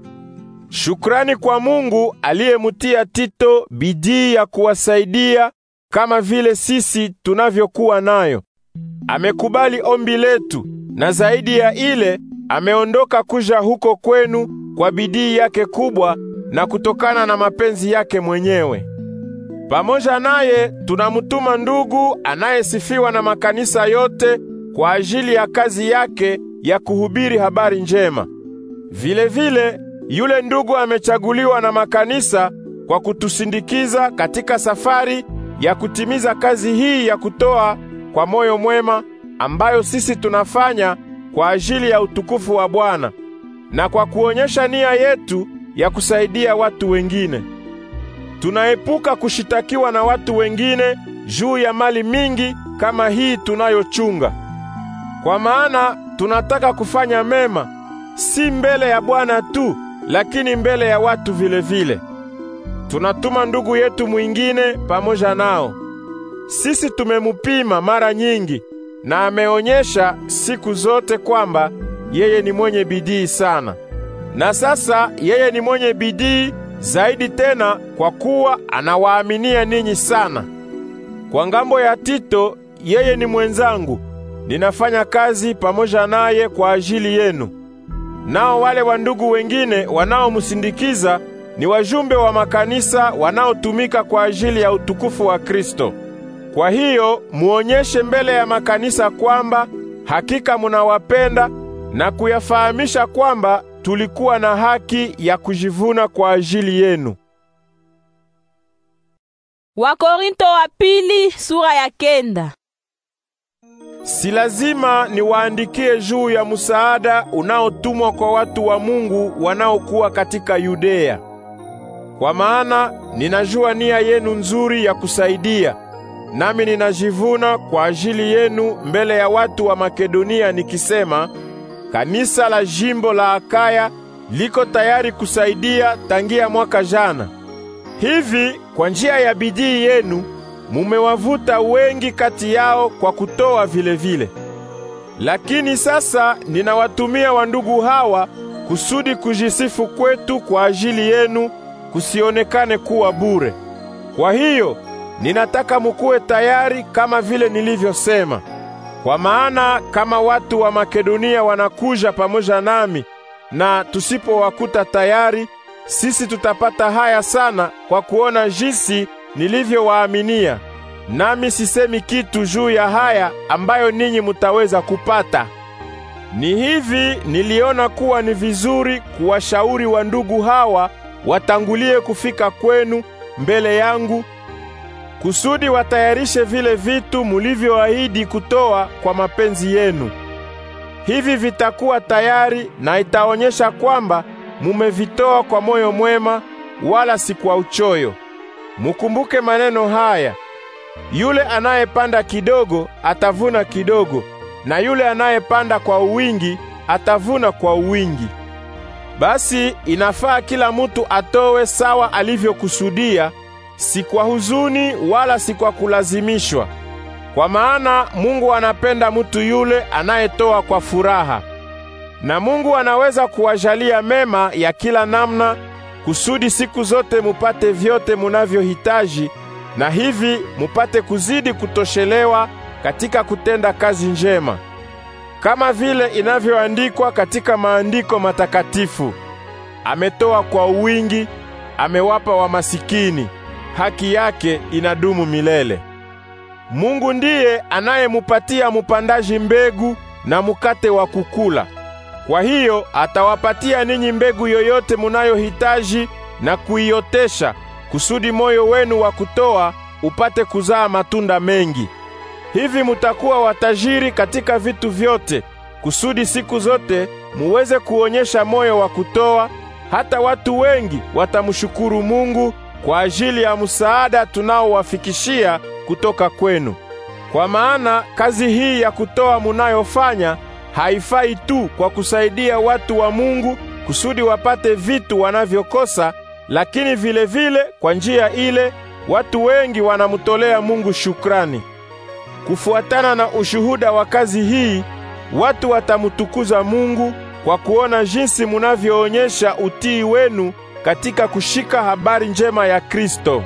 Shukrani kwa Mungu aliyemutia Tito bidii ya kuwasaidia kama vile sisi tunavyokuwa nayo. Amekubali ombi letu na zaidi ya ile ameondoka kuja huko kwenu kwa bidii yake kubwa na kutokana na mapenzi yake mwenyewe. Pamoja naye tunamtuma ndugu anayesifiwa na makanisa yote kwa ajili ya kazi yake ya kuhubiri habari njema. vile vile, yule ndugu amechaguliwa na makanisa kwa kutusindikiza katika safari ya kutimiza kazi hii ya kutoa kwa moyo mwema ambayo sisi tunafanya kwa ajili ya utukufu wa Bwana na kwa kuonyesha nia yetu ya kusaidia watu wengine. Tunaepuka kushitakiwa na watu wengine juu ya mali mingi kama hii tunayochunga, kwa maana tunataka kufanya mema, si mbele ya Bwana tu, lakini mbele ya watu vilevile vile. Tunatuma ndugu yetu mwingine pamoja nao. Sisi tumemupima mara nyingi na ameonyesha siku zote kwamba yeye ni mwenye bidii sana. Na sasa yeye ni mwenye bidii zaidi tena kwa kuwa anawaaminia ninyi sana. Kwa ngambo ya Tito, yeye ni mwenzangu. Ninafanya kazi pamoja naye kwa ajili yenu. Nao wale wandugu wengine wanaomsindikiza ni wajumbe wa makanisa wanaotumika kwa ajili ya utukufu wa Kristo. Kwa hiyo muonyeshe mbele ya makanisa kwamba hakika munawapenda na kuyafahamisha kwamba tulikuwa na haki ya kujivuna kwa ajili yenu. Wakorinto wa pili sura ya kenda. Si lazima niwaandikie juu ya msaada unaotumwa kwa watu wa Mungu wanaokuwa katika Yudea. Kwa maana ninajua nia yenu nzuri ya kusaidia Nami ninajivuna kwa ajili yenu mbele ya watu wa Makedonia nikisema, kanisa la jimbo la Akaya liko tayari kusaidia tangia mwaka jana. Hivi kwa njia ya bidii yenu mumewavuta wengi kati yao kwa kutoa vilevile vile. Lakini sasa ninawatumia wandugu hawa kusudi kujisifu kwetu kwa ajili yenu kusionekane kuwa bure. Kwa hiyo Ninataka mukuwe tayari kama vile nilivyosema, kwa maana kama watu wa Makedonia wanakuja pamoja nami na tusipowakuta tayari, sisi tutapata haya sana kwa kuona jinsi nilivyowaaminia. Nami sisemi kitu juu ya haya ambayo ninyi mutaweza kupata. Ni hivi, niliona kuwa ni vizuri kuwashauri wandugu hawa watangulie kufika kwenu mbele yangu kusudi watayarishe vile vitu mulivyoahidi kutoa kwa mapenzi yenu. Hivi vitakuwa tayari na itaonyesha kwamba mumevitoa kwa moyo mwema, wala si kwa uchoyo. Mukumbuke maneno haya: yule anayepanda kidogo atavuna kidogo, na yule anayepanda kwa uwingi atavuna kwa uwingi. Basi inafaa kila mutu atowe sawa alivyokusudia si kwa huzuni wala si kwa kulazimishwa, kwa maana Mungu anapenda mtu yule anayetoa kwa furaha. Na Mungu anaweza kuwajalia mema ya kila namna kusudi siku zote mupate vyote munavyohitaji na hivi mupate kuzidi kutoshelewa katika kutenda kazi njema, kama vile inavyoandikwa katika maandiko matakatifu: ametoa kwa wingi, amewapa wamasikini haki yake inadumu milele. Mungu ndiye anayemupatia mupandaji mbegu na mukate wa kukula. Kwa hiyo atawapatia ninyi mbegu yoyote munayohitaji na kuiotesha kusudi moyo wenu wa kutoa upate kuzaa matunda mengi. Hivi mutakuwa watajiri katika vitu vyote, kusudi siku zote muweze kuonyesha moyo wa kutoa, hata watu wengi watamshukuru Mungu kwa ajili ya msaada tunaowafikishia kutoka kwenu. Kwa maana kazi hii ya kutoa munayofanya haifai tu kwa kusaidia watu wa Mungu kusudi wapate vitu wanavyokosa, lakini vile vile kwa njia ile watu wengi wanamtolea Mungu shukrani. Kufuatana na ushuhuda wa kazi hii, watu watamtukuza Mungu kwa kuona jinsi munavyoonyesha utii wenu katika kushika habari njema ya Kristo.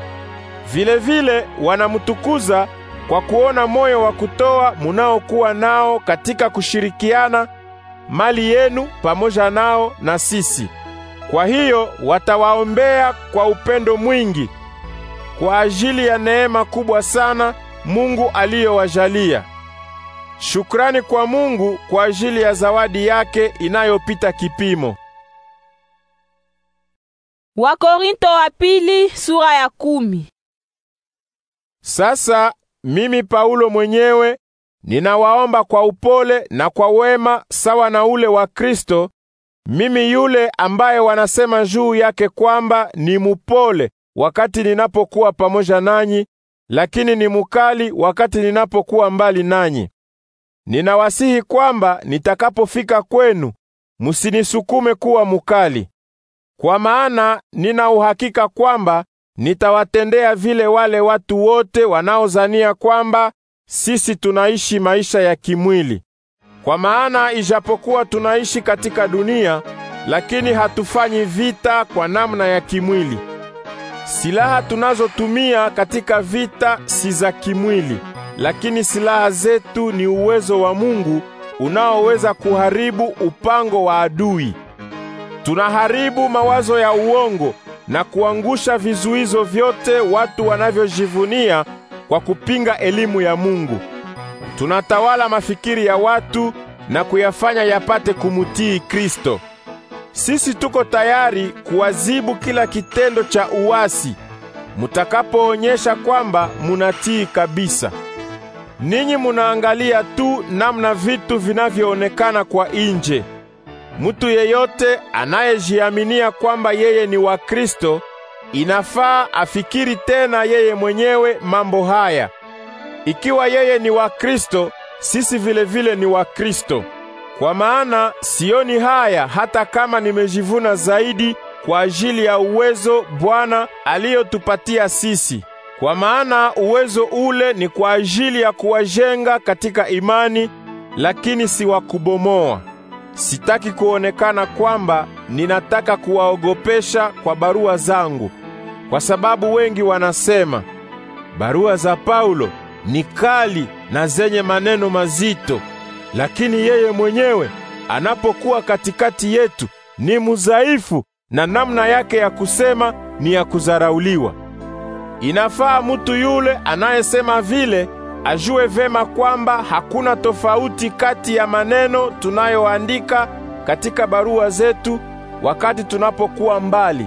vile vile wanamtukuza kwa kuona moyo wa kutoa munaokuwa nao katika kushirikiana mali yenu pamoja nao na sisi. Kwa hiyo watawaombea kwa upendo mwingi kwa ajili ya neema kubwa sana Mungu aliyowajalia. Shukrani kwa Mungu kwa ajili ya zawadi yake inayopita kipimo. Wakorinto wa pili sura ya kumi. Sasa mimi Paulo mwenyewe ninawaomba kwa upole na kwa wema sawa na ule wa Kristo, mimi yule ambaye wanasema juu yake kwamba ni mupole wakati ninapokuwa pamoja nanyi, lakini ni mukali wakati ninapokuwa mbali nanyi. Ninawasihi kwamba nitakapofika kwenu musinisukume kuwa mukali kwa maana nina uhakika kwamba nitawatendea vile wale watu wote wanaozania kwamba sisi tunaishi maisha ya kimwili. Kwa maana ijapokuwa tunaishi katika dunia, lakini hatufanyi vita kwa namna ya kimwili. Silaha tunazotumia katika vita si za kimwili, lakini silaha zetu ni uwezo wa Mungu unaoweza kuharibu upango wa adui. Tunaharibu mawazo ya uongo na kuangusha vizuizo vyote watu wanavyojivunia kwa kupinga elimu ya Mungu. Tunatawala mafikiri ya watu na kuyafanya yapate kumutii Kristo. Sisi tuko tayari kuwazibu kila kitendo cha uasi mutakapoonyesha kwamba munatii kabisa. Ninyi munaangalia tu namna vitu vinavyoonekana kwa nje. Mutu yeyote anayejiaminia kwamba yeye ni wa Kristo inafaa afikiri tena yeye mwenyewe mambo haya. Ikiwa yeye ni wa Kristo, sisi vile vile ni wa Kristo. Kwa maana sioni haya hata kama nimejivuna zaidi kwa ajili ya uwezo Bwana aliyotupatia sisi. Kwa maana uwezo ule ni kwa ajili ya kuwajenga katika imani, lakini si wa kubomoa. Sitaki kuonekana kwamba ninataka kuwaogopesha kwa barua zangu, kwa sababu wengi wanasema barua za Paulo ni kali na zenye maneno mazito, lakini yeye mwenyewe anapokuwa katikati yetu ni mzaifu na namna yake ya kusema ni ya kuzarauliwa Inafaa mtu yule anayesema vile ajue vema kwamba hakuna tofauti kati ya maneno tunayoandika katika barua zetu wakati tunapokuwa mbali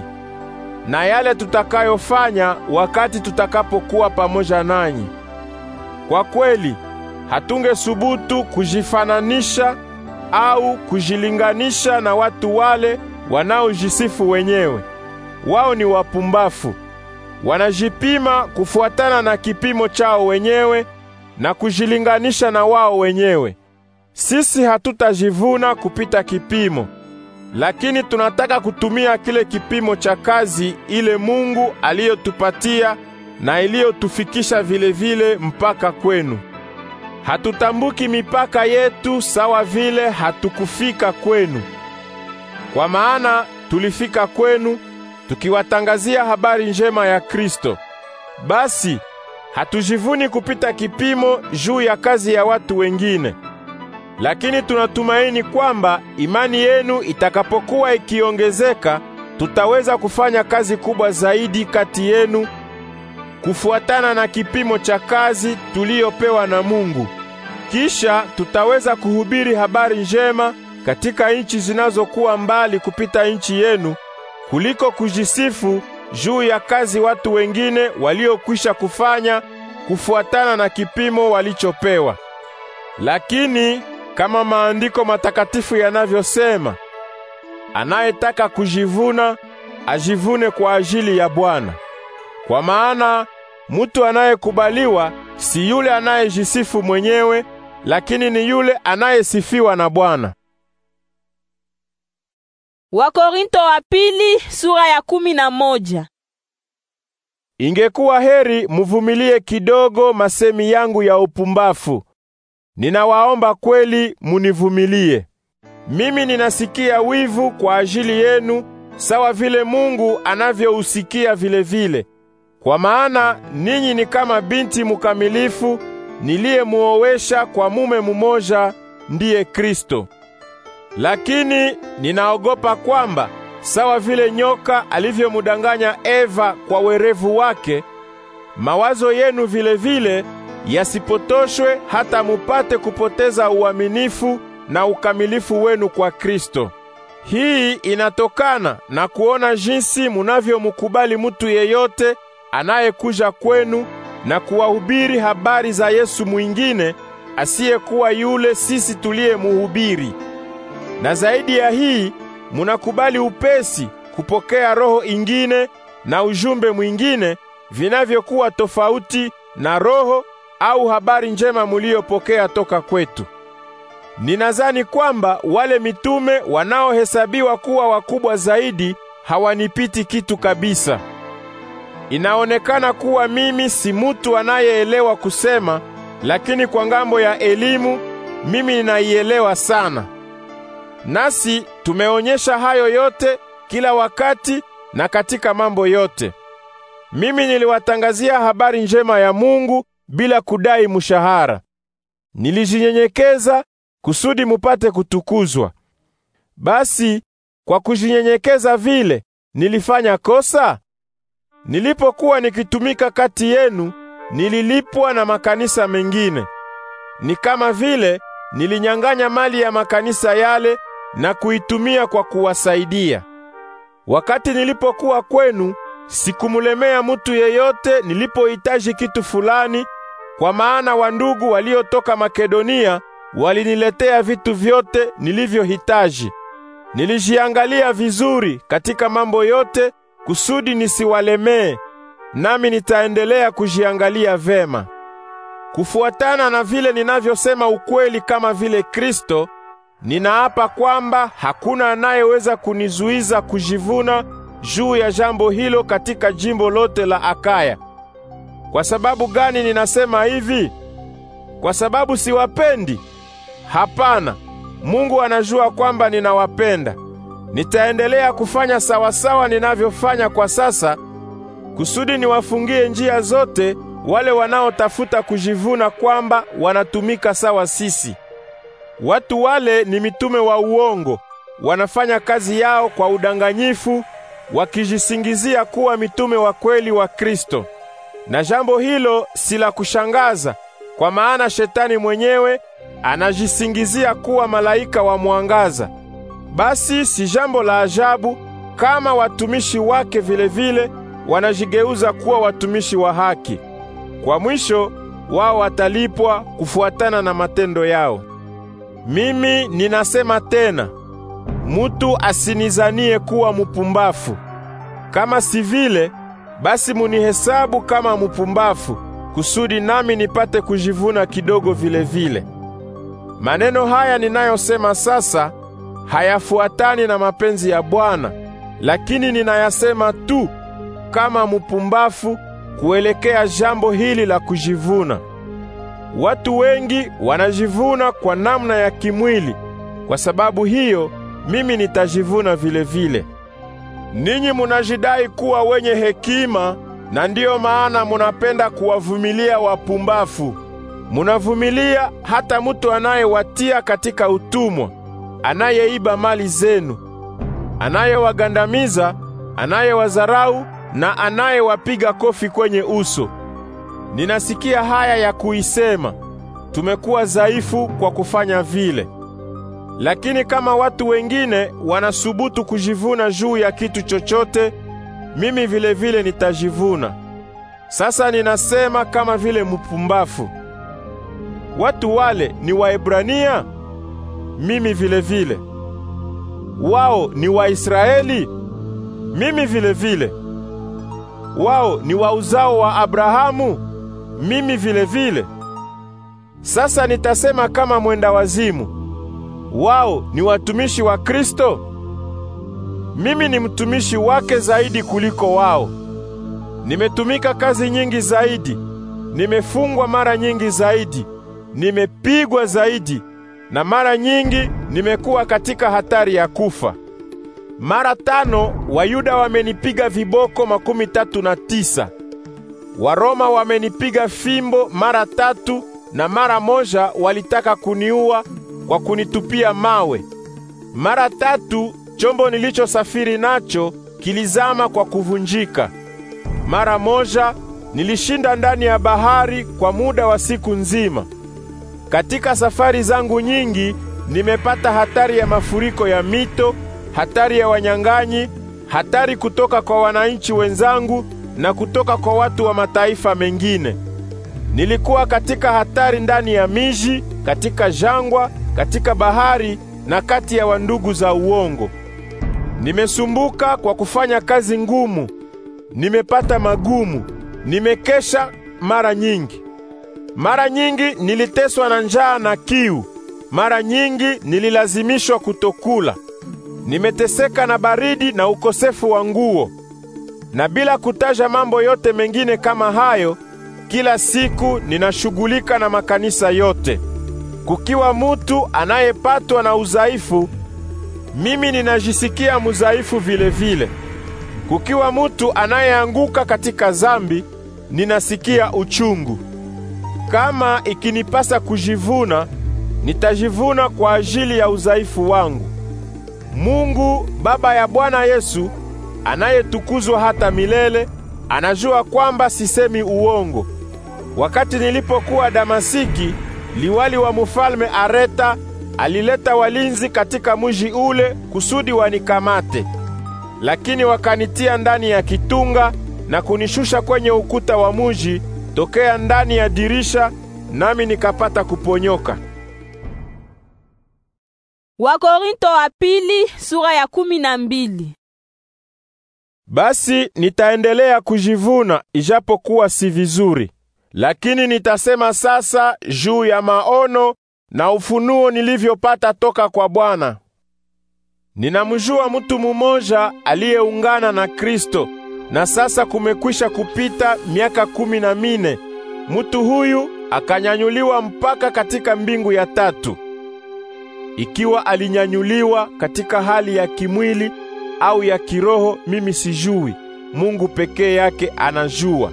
na yale tutakayofanya wakati tutakapokuwa pamoja nanyi. Kwa kweli, hatunge subutu kujifananisha au kujilinganisha na watu wale wanaojisifu wenyewe. Wao ni wapumbafu, wanajipima kufuatana na kipimo chao wenyewe na kujilinganisha na wao wenyewe. Sisi hatutajivuna kupita kipimo, lakini tunataka kutumia kile kipimo cha kazi ile Mungu aliyotupatia na iliyotufikisha vile vile mpaka kwenu. Hatutambuki mipaka yetu sawa vile hatukufika kwenu. Kwa maana tulifika kwenu tukiwatangazia habari njema ya Kristo. Basi Hatujivuni kupita kipimo juu ya kazi ya watu wengine, lakini tunatumaini kwamba imani yenu itakapokuwa ikiongezeka, tutaweza kufanya kazi kubwa zaidi kati yenu kufuatana na kipimo cha kazi tuliyopewa na Mungu. Kisha tutaweza kuhubiri habari njema katika nchi zinazokuwa mbali kupita nchi yenu kuliko kujisifu juu ya kazi watu wengine waliokwisha kufanya kufuatana na kipimo walichopewa. Lakini kama maandiko matakatifu yanavyosema, anayetaka kujivuna ajivune kwa ajili ya Bwana. Kwa maana mutu anayekubaliwa si yule anayejisifu mwenyewe, lakini ni yule anayesifiwa na Bwana. Wakorinto wa pili sura ya kumi na moja. Ingekuwa heri muvumilie kidogo masemi yangu ya upumbafu. Ninawaomba kweli munivumilie. Mimi ninasikia wivu kwa ajili yenu sawa vile Mungu anavyousikia vile vile. Kwa maana ninyi ni kama binti mkamilifu niliyemuowesha kwa mume mumoja ndiye Kristo. Lakini ninaogopa kwamba sawa vile nyoka alivyomdanganya Eva kwa werevu wake, mawazo yenu vile vile yasipotoshwe hata mupate kupoteza uaminifu na ukamilifu wenu kwa Kristo. Hii inatokana na kuona jinsi munavyomkubali mutu yeyote anayekuja kwenu na kuwahubiri habari za Yesu mwingine asiyekuwa yule sisi tuliyemuhubiri na zaidi ya hii munakubali upesi kupokea roho ingine na ujumbe mwingine vinavyokuwa tofauti na roho au habari njema muliyopokea toka kwetu. ninazani kwamba wale mitume wanaohesabiwa kuwa wakubwa zaidi hawanipiti kitu kabisa. Inaonekana kuwa mimi si mutu anayeelewa kusema, lakini kwa ngambo ya elimu mimi ninaielewa sana. Nasi tumeonyesha hayo yote kila wakati na katika mambo yote. Mimi niliwatangazia habari njema ya Mungu bila kudai mshahara. Nilijinyenyekeza kusudi mupate kutukuzwa. Basi kwa kujinyenyekeza vile nilifanya kosa? Nilipokuwa nikitumika kati yenu, nililipwa na makanisa mengine. Ni kama vile nilinyang'anya mali ya makanisa yale na kuitumia kwa kuwasaidia. Wakati nilipokuwa kwenu, sikumulemea mutu yeyote nilipohitaji kitu fulani, kwa maana wandugu waliotoka Makedonia waliniletea vitu vyote nilivyohitaji. Nilijiangalia vizuri katika mambo yote kusudi nisiwalemee, nami nitaendelea kujiangalia vema. Kufuatana na vile ninavyosema ukweli kama vile Kristo, Ninaapa kwamba hakuna anayeweza kunizuiza kujivuna juu ya jambo hilo katika jimbo lote la Akaya. Kwa sababu gani ninasema hivi? Kwa sababu siwapendi? Hapana. Mungu anajua kwamba ninawapenda. Nitaendelea kufanya sawasawa ninavyofanya kwa sasa kusudi niwafungie njia zote wale wanaotafuta kujivuna kwamba wanatumika sawa sisi. Watu wale ni mitume wa uongo, wanafanya kazi yao kwa udanganyifu, wakijisingizia kuwa mitume wa kweli wa Kristo. Na jambo hilo si la kushangaza, kwa maana shetani mwenyewe anajisingizia kuwa malaika wa mwangaza. Basi si jambo la ajabu kama watumishi wake vilevile vile, wanajigeuza kuwa watumishi wa haki. Kwa mwisho wao watalipwa kufuatana na matendo yao. Mimi ninasema tena, mutu asinizanie kuwa mupumbafu. Kama si vile, basi munihesabu kama mupumbafu, kusudi nami nipate kujivuna kidogo vilevile vile. Maneno haya ninayosema sasa hayafuatani na mapenzi ya Bwana, lakini ninayasema tu kama mupumbafu kuelekea jambo hili la kujivuna. Watu wengi wanajivuna kwa namna ya kimwili, kwa sababu hiyo mimi nitajivuna vile vile. Ninyi munajidai kuwa wenye hekima, na ndiyo maana munapenda kuwavumilia wapumbafu. Munavumilia hata mtu anayewatia katika utumwa, anayeiba mali zenu, anayewagandamiza, anayewazarau na anayewapiga kofi kwenye uso. Ninasikia haya ya kuisema, tumekuwa dhaifu kwa kufanya vile. Lakini kama watu wengine wanasubutu kujivuna juu ya kitu chochote, mimi vile vile nitajivuna. Sasa ninasema kama vile mpumbafu. Watu wale ni Waebrania? Mimi vile vile. Wao ni Waisraeli? Mimi vile vile. Wao ni wa uzao wa Abrahamu? mimi vile vile. Sasa nitasema kama mwenda wazimu, wao ni watumishi wa Kristo, mimi ni mtumishi wake zaidi kuliko wao. Nimetumika kazi nyingi zaidi, nimefungwa mara nyingi zaidi, nimepigwa zaidi, na mara nyingi nimekuwa katika hatari ya kufa. Mara tano Wayuda wamenipiga viboko makumi tatu na tisa. Waroma wamenipiga fimbo mara tatu na mara moja walitaka kuniua kwa kunitupia mawe. Mara tatu chombo nilichosafiri nacho kilizama kwa kuvunjika. Mara moja nilishinda ndani ya bahari kwa muda wa siku nzima. Katika safari zangu nyingi nimepata hatari ya mafuriko ya mito, hatari ya wanyang'anyi, hatari kutoka kwa wananchi wenzangu na kutoka kwa watu wa mataifa mengine. Nilikuwa katika hatari ndani ya miji, katika jangwa, katika bahari na kati ya wandugu za uongo. Nimesumbuka kwa kufanya kazi ngumu, nimepata magumu, nimekesha mara nyingi. Mara nyingi niliteswa na njaa na kiu, mara nyingi nililazimishwa kutokula. Nimeteseka na baridi na ukosefu wa nguo na bila kutaja mambo yote mengine kama hayo, kila siku ninashughulika na makanisa yote. Kukiwa mutu anayepatwa na udhaifu, mimi ninajisikia mudhaifu vile vile. Kukiwa mutu anayeanguka katika zambi, ninasikia uchungu. Kama ikinipasa kujivuna, nitajivuna kwa ajili ya udhaifu wangu. Mungu Baba ya Bwana Yesu anayetukuzwa hata milele, anajua kwamba sisemi uongo. Wakati nilipokuwa Damasiki, liwali wa mfalme Areta alileta walinzi katika mji ule kusudi wanikamate, lakini wakanitia ndani ya kitunga na kunishusha kwenye ukuta wa mji tokea ndani ya dirisha, nami nikapata kuponyoka. Wakorinto wa pili, sura ya kumi na mbili. Basi nitaendelea kujivuna, ijapokuwa si vizuri, lakini nitasema sasa juu ya maono na ufunuo nilivyopata toka kwa Bwana. Ninamjua mtu mmoja aliyeungana na Kristo, na sasa kumekwisha kupita miaka kumi na mine. Mtu huyu akanyanyuliwa mpaka katika mbingu ya tatu. Ikiwa alinyanyuliwa katika hali ya kimwili au ya kiroho mimi sijui, Mungu pekee yake anajua.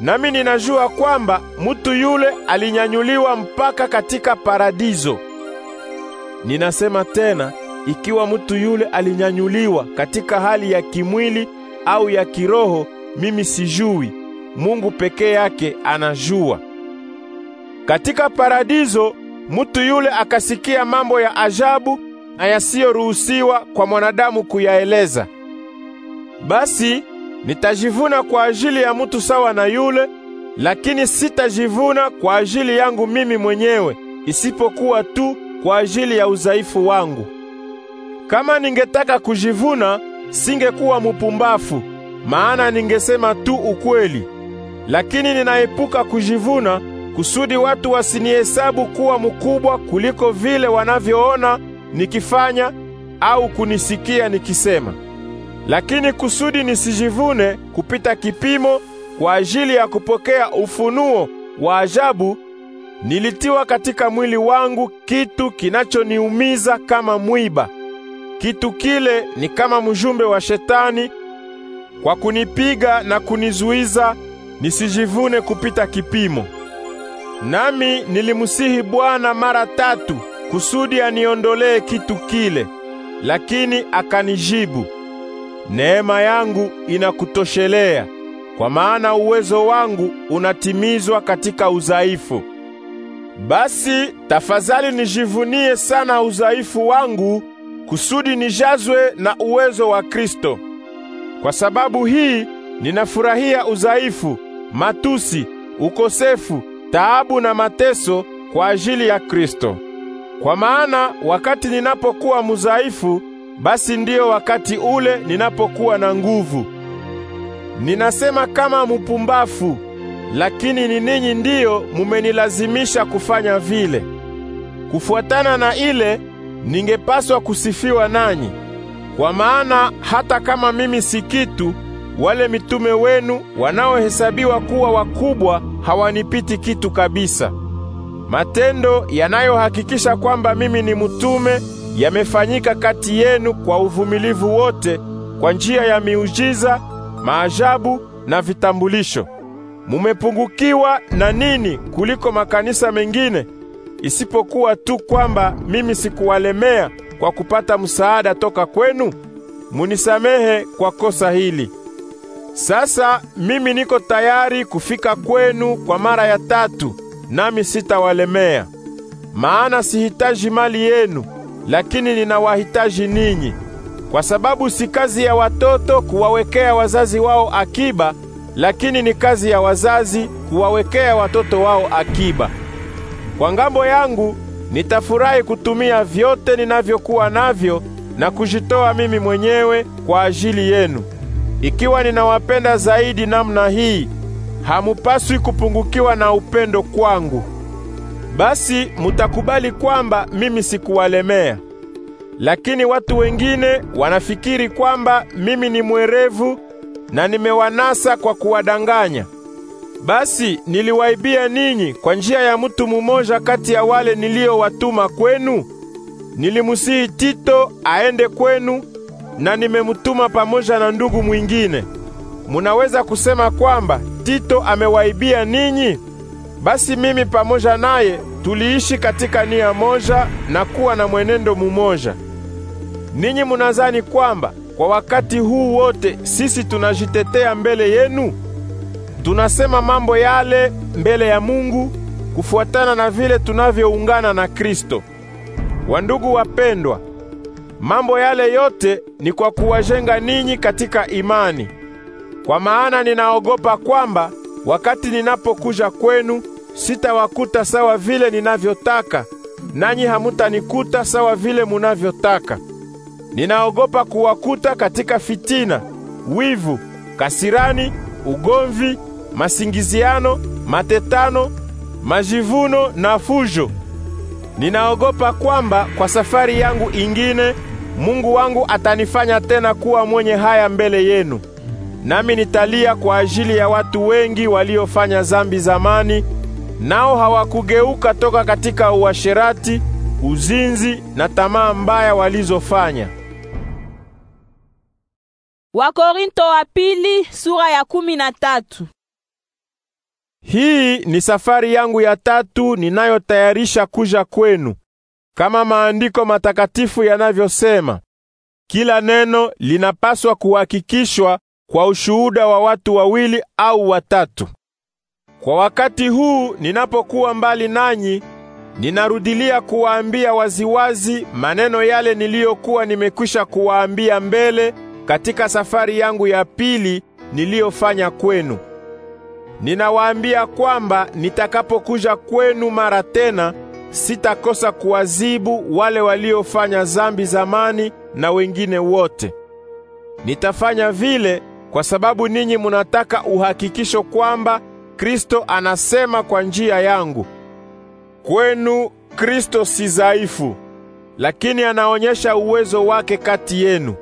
Nami ninajua kwamba mutu yule alinyanyuliwa mpaka katika paradizo. Ninasema tena, ikiwa mutu yule alinyanyuliwa katika hali ya kimwili au ya kiroho, mimi sijui, Mungu pekee yake anajua. Katika paradizo mutu yule akasikia mambo ya ajabu na yasiyoruhusiwa kwa mwanadamu kuyaeleza. Basi nitajivuna kwa ajili ya mutu sawa na yule, lakini sitajivuna kwa ajili yangu mimi mwenyewe, isipokuwa tu kwa ajili ya udhaifu wangu. Kama ningetaka kujivuna, singekuwa mupumbafu, maana ningesema tu ukweli. Lakini ninaepuka kujivuna kusudi watu wasinihesabu kuwa mkubwa kuliko vile wanavyoona nikifanya au kunisikia nikisema, lakini kusudi nisijivune kupita kipimo kwa ajili ya kupokea ufunuo wa ajabu, nilitiwa katika mwili wangu kitu kinachoniumiza kama mwiba. Kitu kile ni kama mjumbe wa Shetani kwa kunipiga na kunizuiza nisijivune kupita kipimo. Nami nilimsihi Bwana mara tatu kusudi aniondolee kitu kile, lakini akanijibu, neema yangu inakutoshelea, kwa maana uwezo wangu unatimizwa katika udhaifu. Basi tafadhali nijivunie sana udhaifu wangu kusudi nijazwe na uwezo wa Kristo. Kwa sababu hii ninafurahia udhaifu, matusi, ukosefu, taabu na mateso kwa ajili ya Kristo. Kwa maana wakati ninapokuwa mudhaifu, basi ndiyo wakati ule ninapokuwa na nguvu. Ninasema kama mupumbafu, lakini ni ninyi ndiyo mumenilazimisha kufanya vile. Kufuatana na ile, ningepaswa kusifiwa nanyi. Kwa maana hata kama mimi si kitu, wale mitume wenu wanaohesabiwa kuwa wakubwa hawanipiti kitu kabisa. Matendo yanayohakikisha kwamba mimi ni mtume yamefanyika kati yenu kwa uvumilivu wote kwa njia ya miujiza, maajabu na vitambulisho. Mumepungukiwa na nini kuliko makanisa mengine isipokuwa tu kwamba mimi sikuwalemea kwa kupata msaada toka kwenu? Munisamehe kwa kosa hili. Sasa mimi niko tayari kufika kwenu kwa mara ya tatu nami sitawalemea. Maana sihitaji mali yenu, lakini ninawahitaji ninyi, kwa sababu si kazi ya watoto kuwawekea wazazi wao akiba, lakini ni kazi ya wazazi kuwawekea watoto wao akiba. Kwa ngambo yangu nitafurahi kutumia vyote ninavyokuwa navyo na kujitoa mimi mwenyewe kwa ajili yenu, ikiwa ninawapenda zaidi namna hii hamupaswi kupungukiwa na upendo kwangu. Basi mutakubali kwamba mimi sikuwalemea. Lakini watu wengine wanafikiri kwamba mimi ni mwerevu na nimewanasa kwa kuwadanganya. Basi niliwaibia ninyi kwa njia ya mtu mumoja kati ya wale niliyowatuma kwenu. Nilimusihi Tito aende kwenu na nimemutuma pamoja na ndugu mwingine. Munaweza kusema kwamba Tito amewaibia ninyi? Basi mimi pamoja naye tuliishi katika nia moja na kuwa na mwenendo mumoja. Ninyi munazani kwamba kwa wakati huu wote sisi tunajitetea mbele yenu? Tunasema mambo yale mbele ya Mungu kufuatana na vile tunavyoungana na Kristo. Wandugu wapendwa, mambo yale yote ni kwa kuwajenga ninyi katika imani. Kwa maana ninaogopa kwamba wakati ninapokuja kwenu sitawakuta sawa vile ninavyotaka, nanyi hamutanikuta sawa vile munavyotaka. Ninaogopa kuwakuta katika fitina, wivu, kasirani, ugomvi, masingiziano, matetano, majivuno na fujo. Ninaogopa kwamba kwa safari yangu ingine Mungu wangu atanifanya tena kuwa mwenye haya mbele yenu. Nami nitalia kwa ajili ya watu wengi waliofanya zambi zamani, nao hawakugeuka toka katika uasherati, uzinzi na tamaa mbaya walizofanya. Wakorinto wa pili, sura ya kumi na tatu. Hii ni safari yangu ya tatu ninayotayarisha kuja kwenu. Kama maandiko matakatifu yanavyosema, kila neno linapaswa kuhakikishwa kwa ushuhuda wa watu wawili au watatu. Kwa wakati huu ninapokuwa mbali nanyi, ninarudilia kuwaambia waziwazi maneno yale niliyokuwa nimekwisha kuwaambia mbele katika safari yangu ya pili niliyofanya kwenu. Ninawaambia kwamba nitakapokuja kwenu mara tena sitakosa kuwazibu wale waliofanya zambi zamani na wengine wote. Nitafanya vile kwa sababu ninyi munataka uhakikisho kwamba Kristo anasema kwa njia yangu. Kwenu Kristo si dhaifu, lakini anaonyesha uwezo wake kati yenu.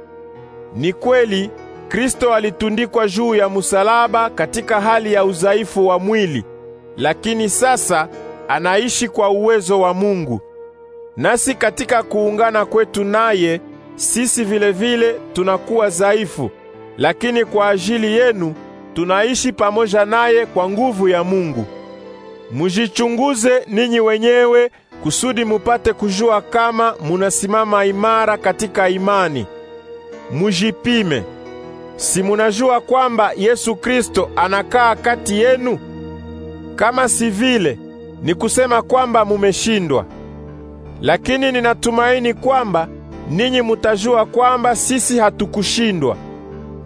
Ni kweli Kristo alitundikwa juu ya musalaba katika hali ya udhaifu wa mwili, lakini sasa anaishi kwa uwezo wa Mungu. Nasi katika kuungana kwetu naye sisi vilevile tunakuwa dhaifu lakini kwa ajili yenu tunaishi pamoja naye kwa nguvu ya Mungu. Mujichunguze ninyi wenyewe kusudi mupate kujua kama munasimama imara katika imani. Mujipime. Si munajua kwamba Yesu Kristo anakaa kati yenu? Kama si vile, ni kusema kwamba mumeshindwa. Lakini ninatumaini kwamba ninyi mutajua kwamba sisi hatukushindwa.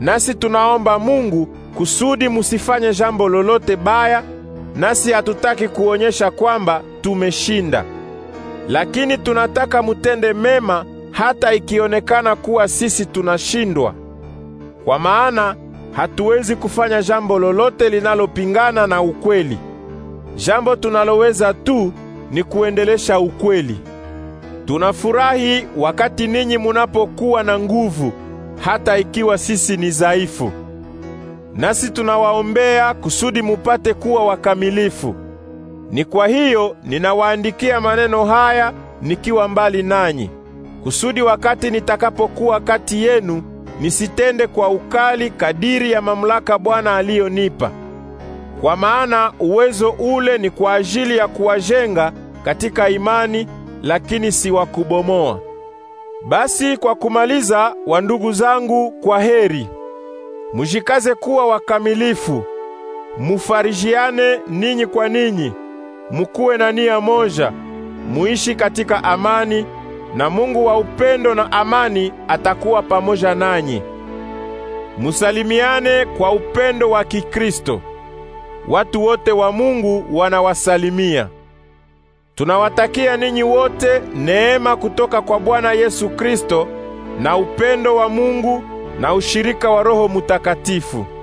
Nasi tunaomba Mungu kusudi musifanye jambo lolote baya, nasi hatutaki kuonyesha kwamba tumeshinda, lakini tunataka mutende mema hata ikionekana kuwa sisi tunashindwa, kwa maana hatuwezi kufanya jambo lolote linalopingana na ukweli. Jambo tunaloweza tu ni kuendelesha ukweli. Tunafurahi wakati ninyi munapokuwa na nguvu hata ikiwa sisi ni dhaifu. Nasi tunawaombea kusudi mupate kuwa wakamilifu. Ni kwa hiyo ninawaandikia maneno haya nikiwa mbali nanyi, kusudi wakati nitakapokuwa kati yenu nisitende kwa ukali kadiri ya mamlaka Bwana aliyonipa. Kwa maana uwezo ule ni kwa ajili ya kuwajenga katika imani, lakini si wa kubomoa. Basi kwa kumaliza, wandugu zangu, kwa heri. Mujikaze kuwa wakamilifu, mufarijiane ninyi kwa ninyi, mukuwe na nia moja, muishi katika amani, na Mungu wa upendo na amani atakuwa pamoja nanyi. Musalimiane kwa upendo wa Kikristo. Watu wote wa Mungu wanawasalimia. Tunawatakia ninyi wote neema kutoka kwa Bwana Yesu Kristo na upendo wa Mungu na ushirika wa Roho Mutakatifu.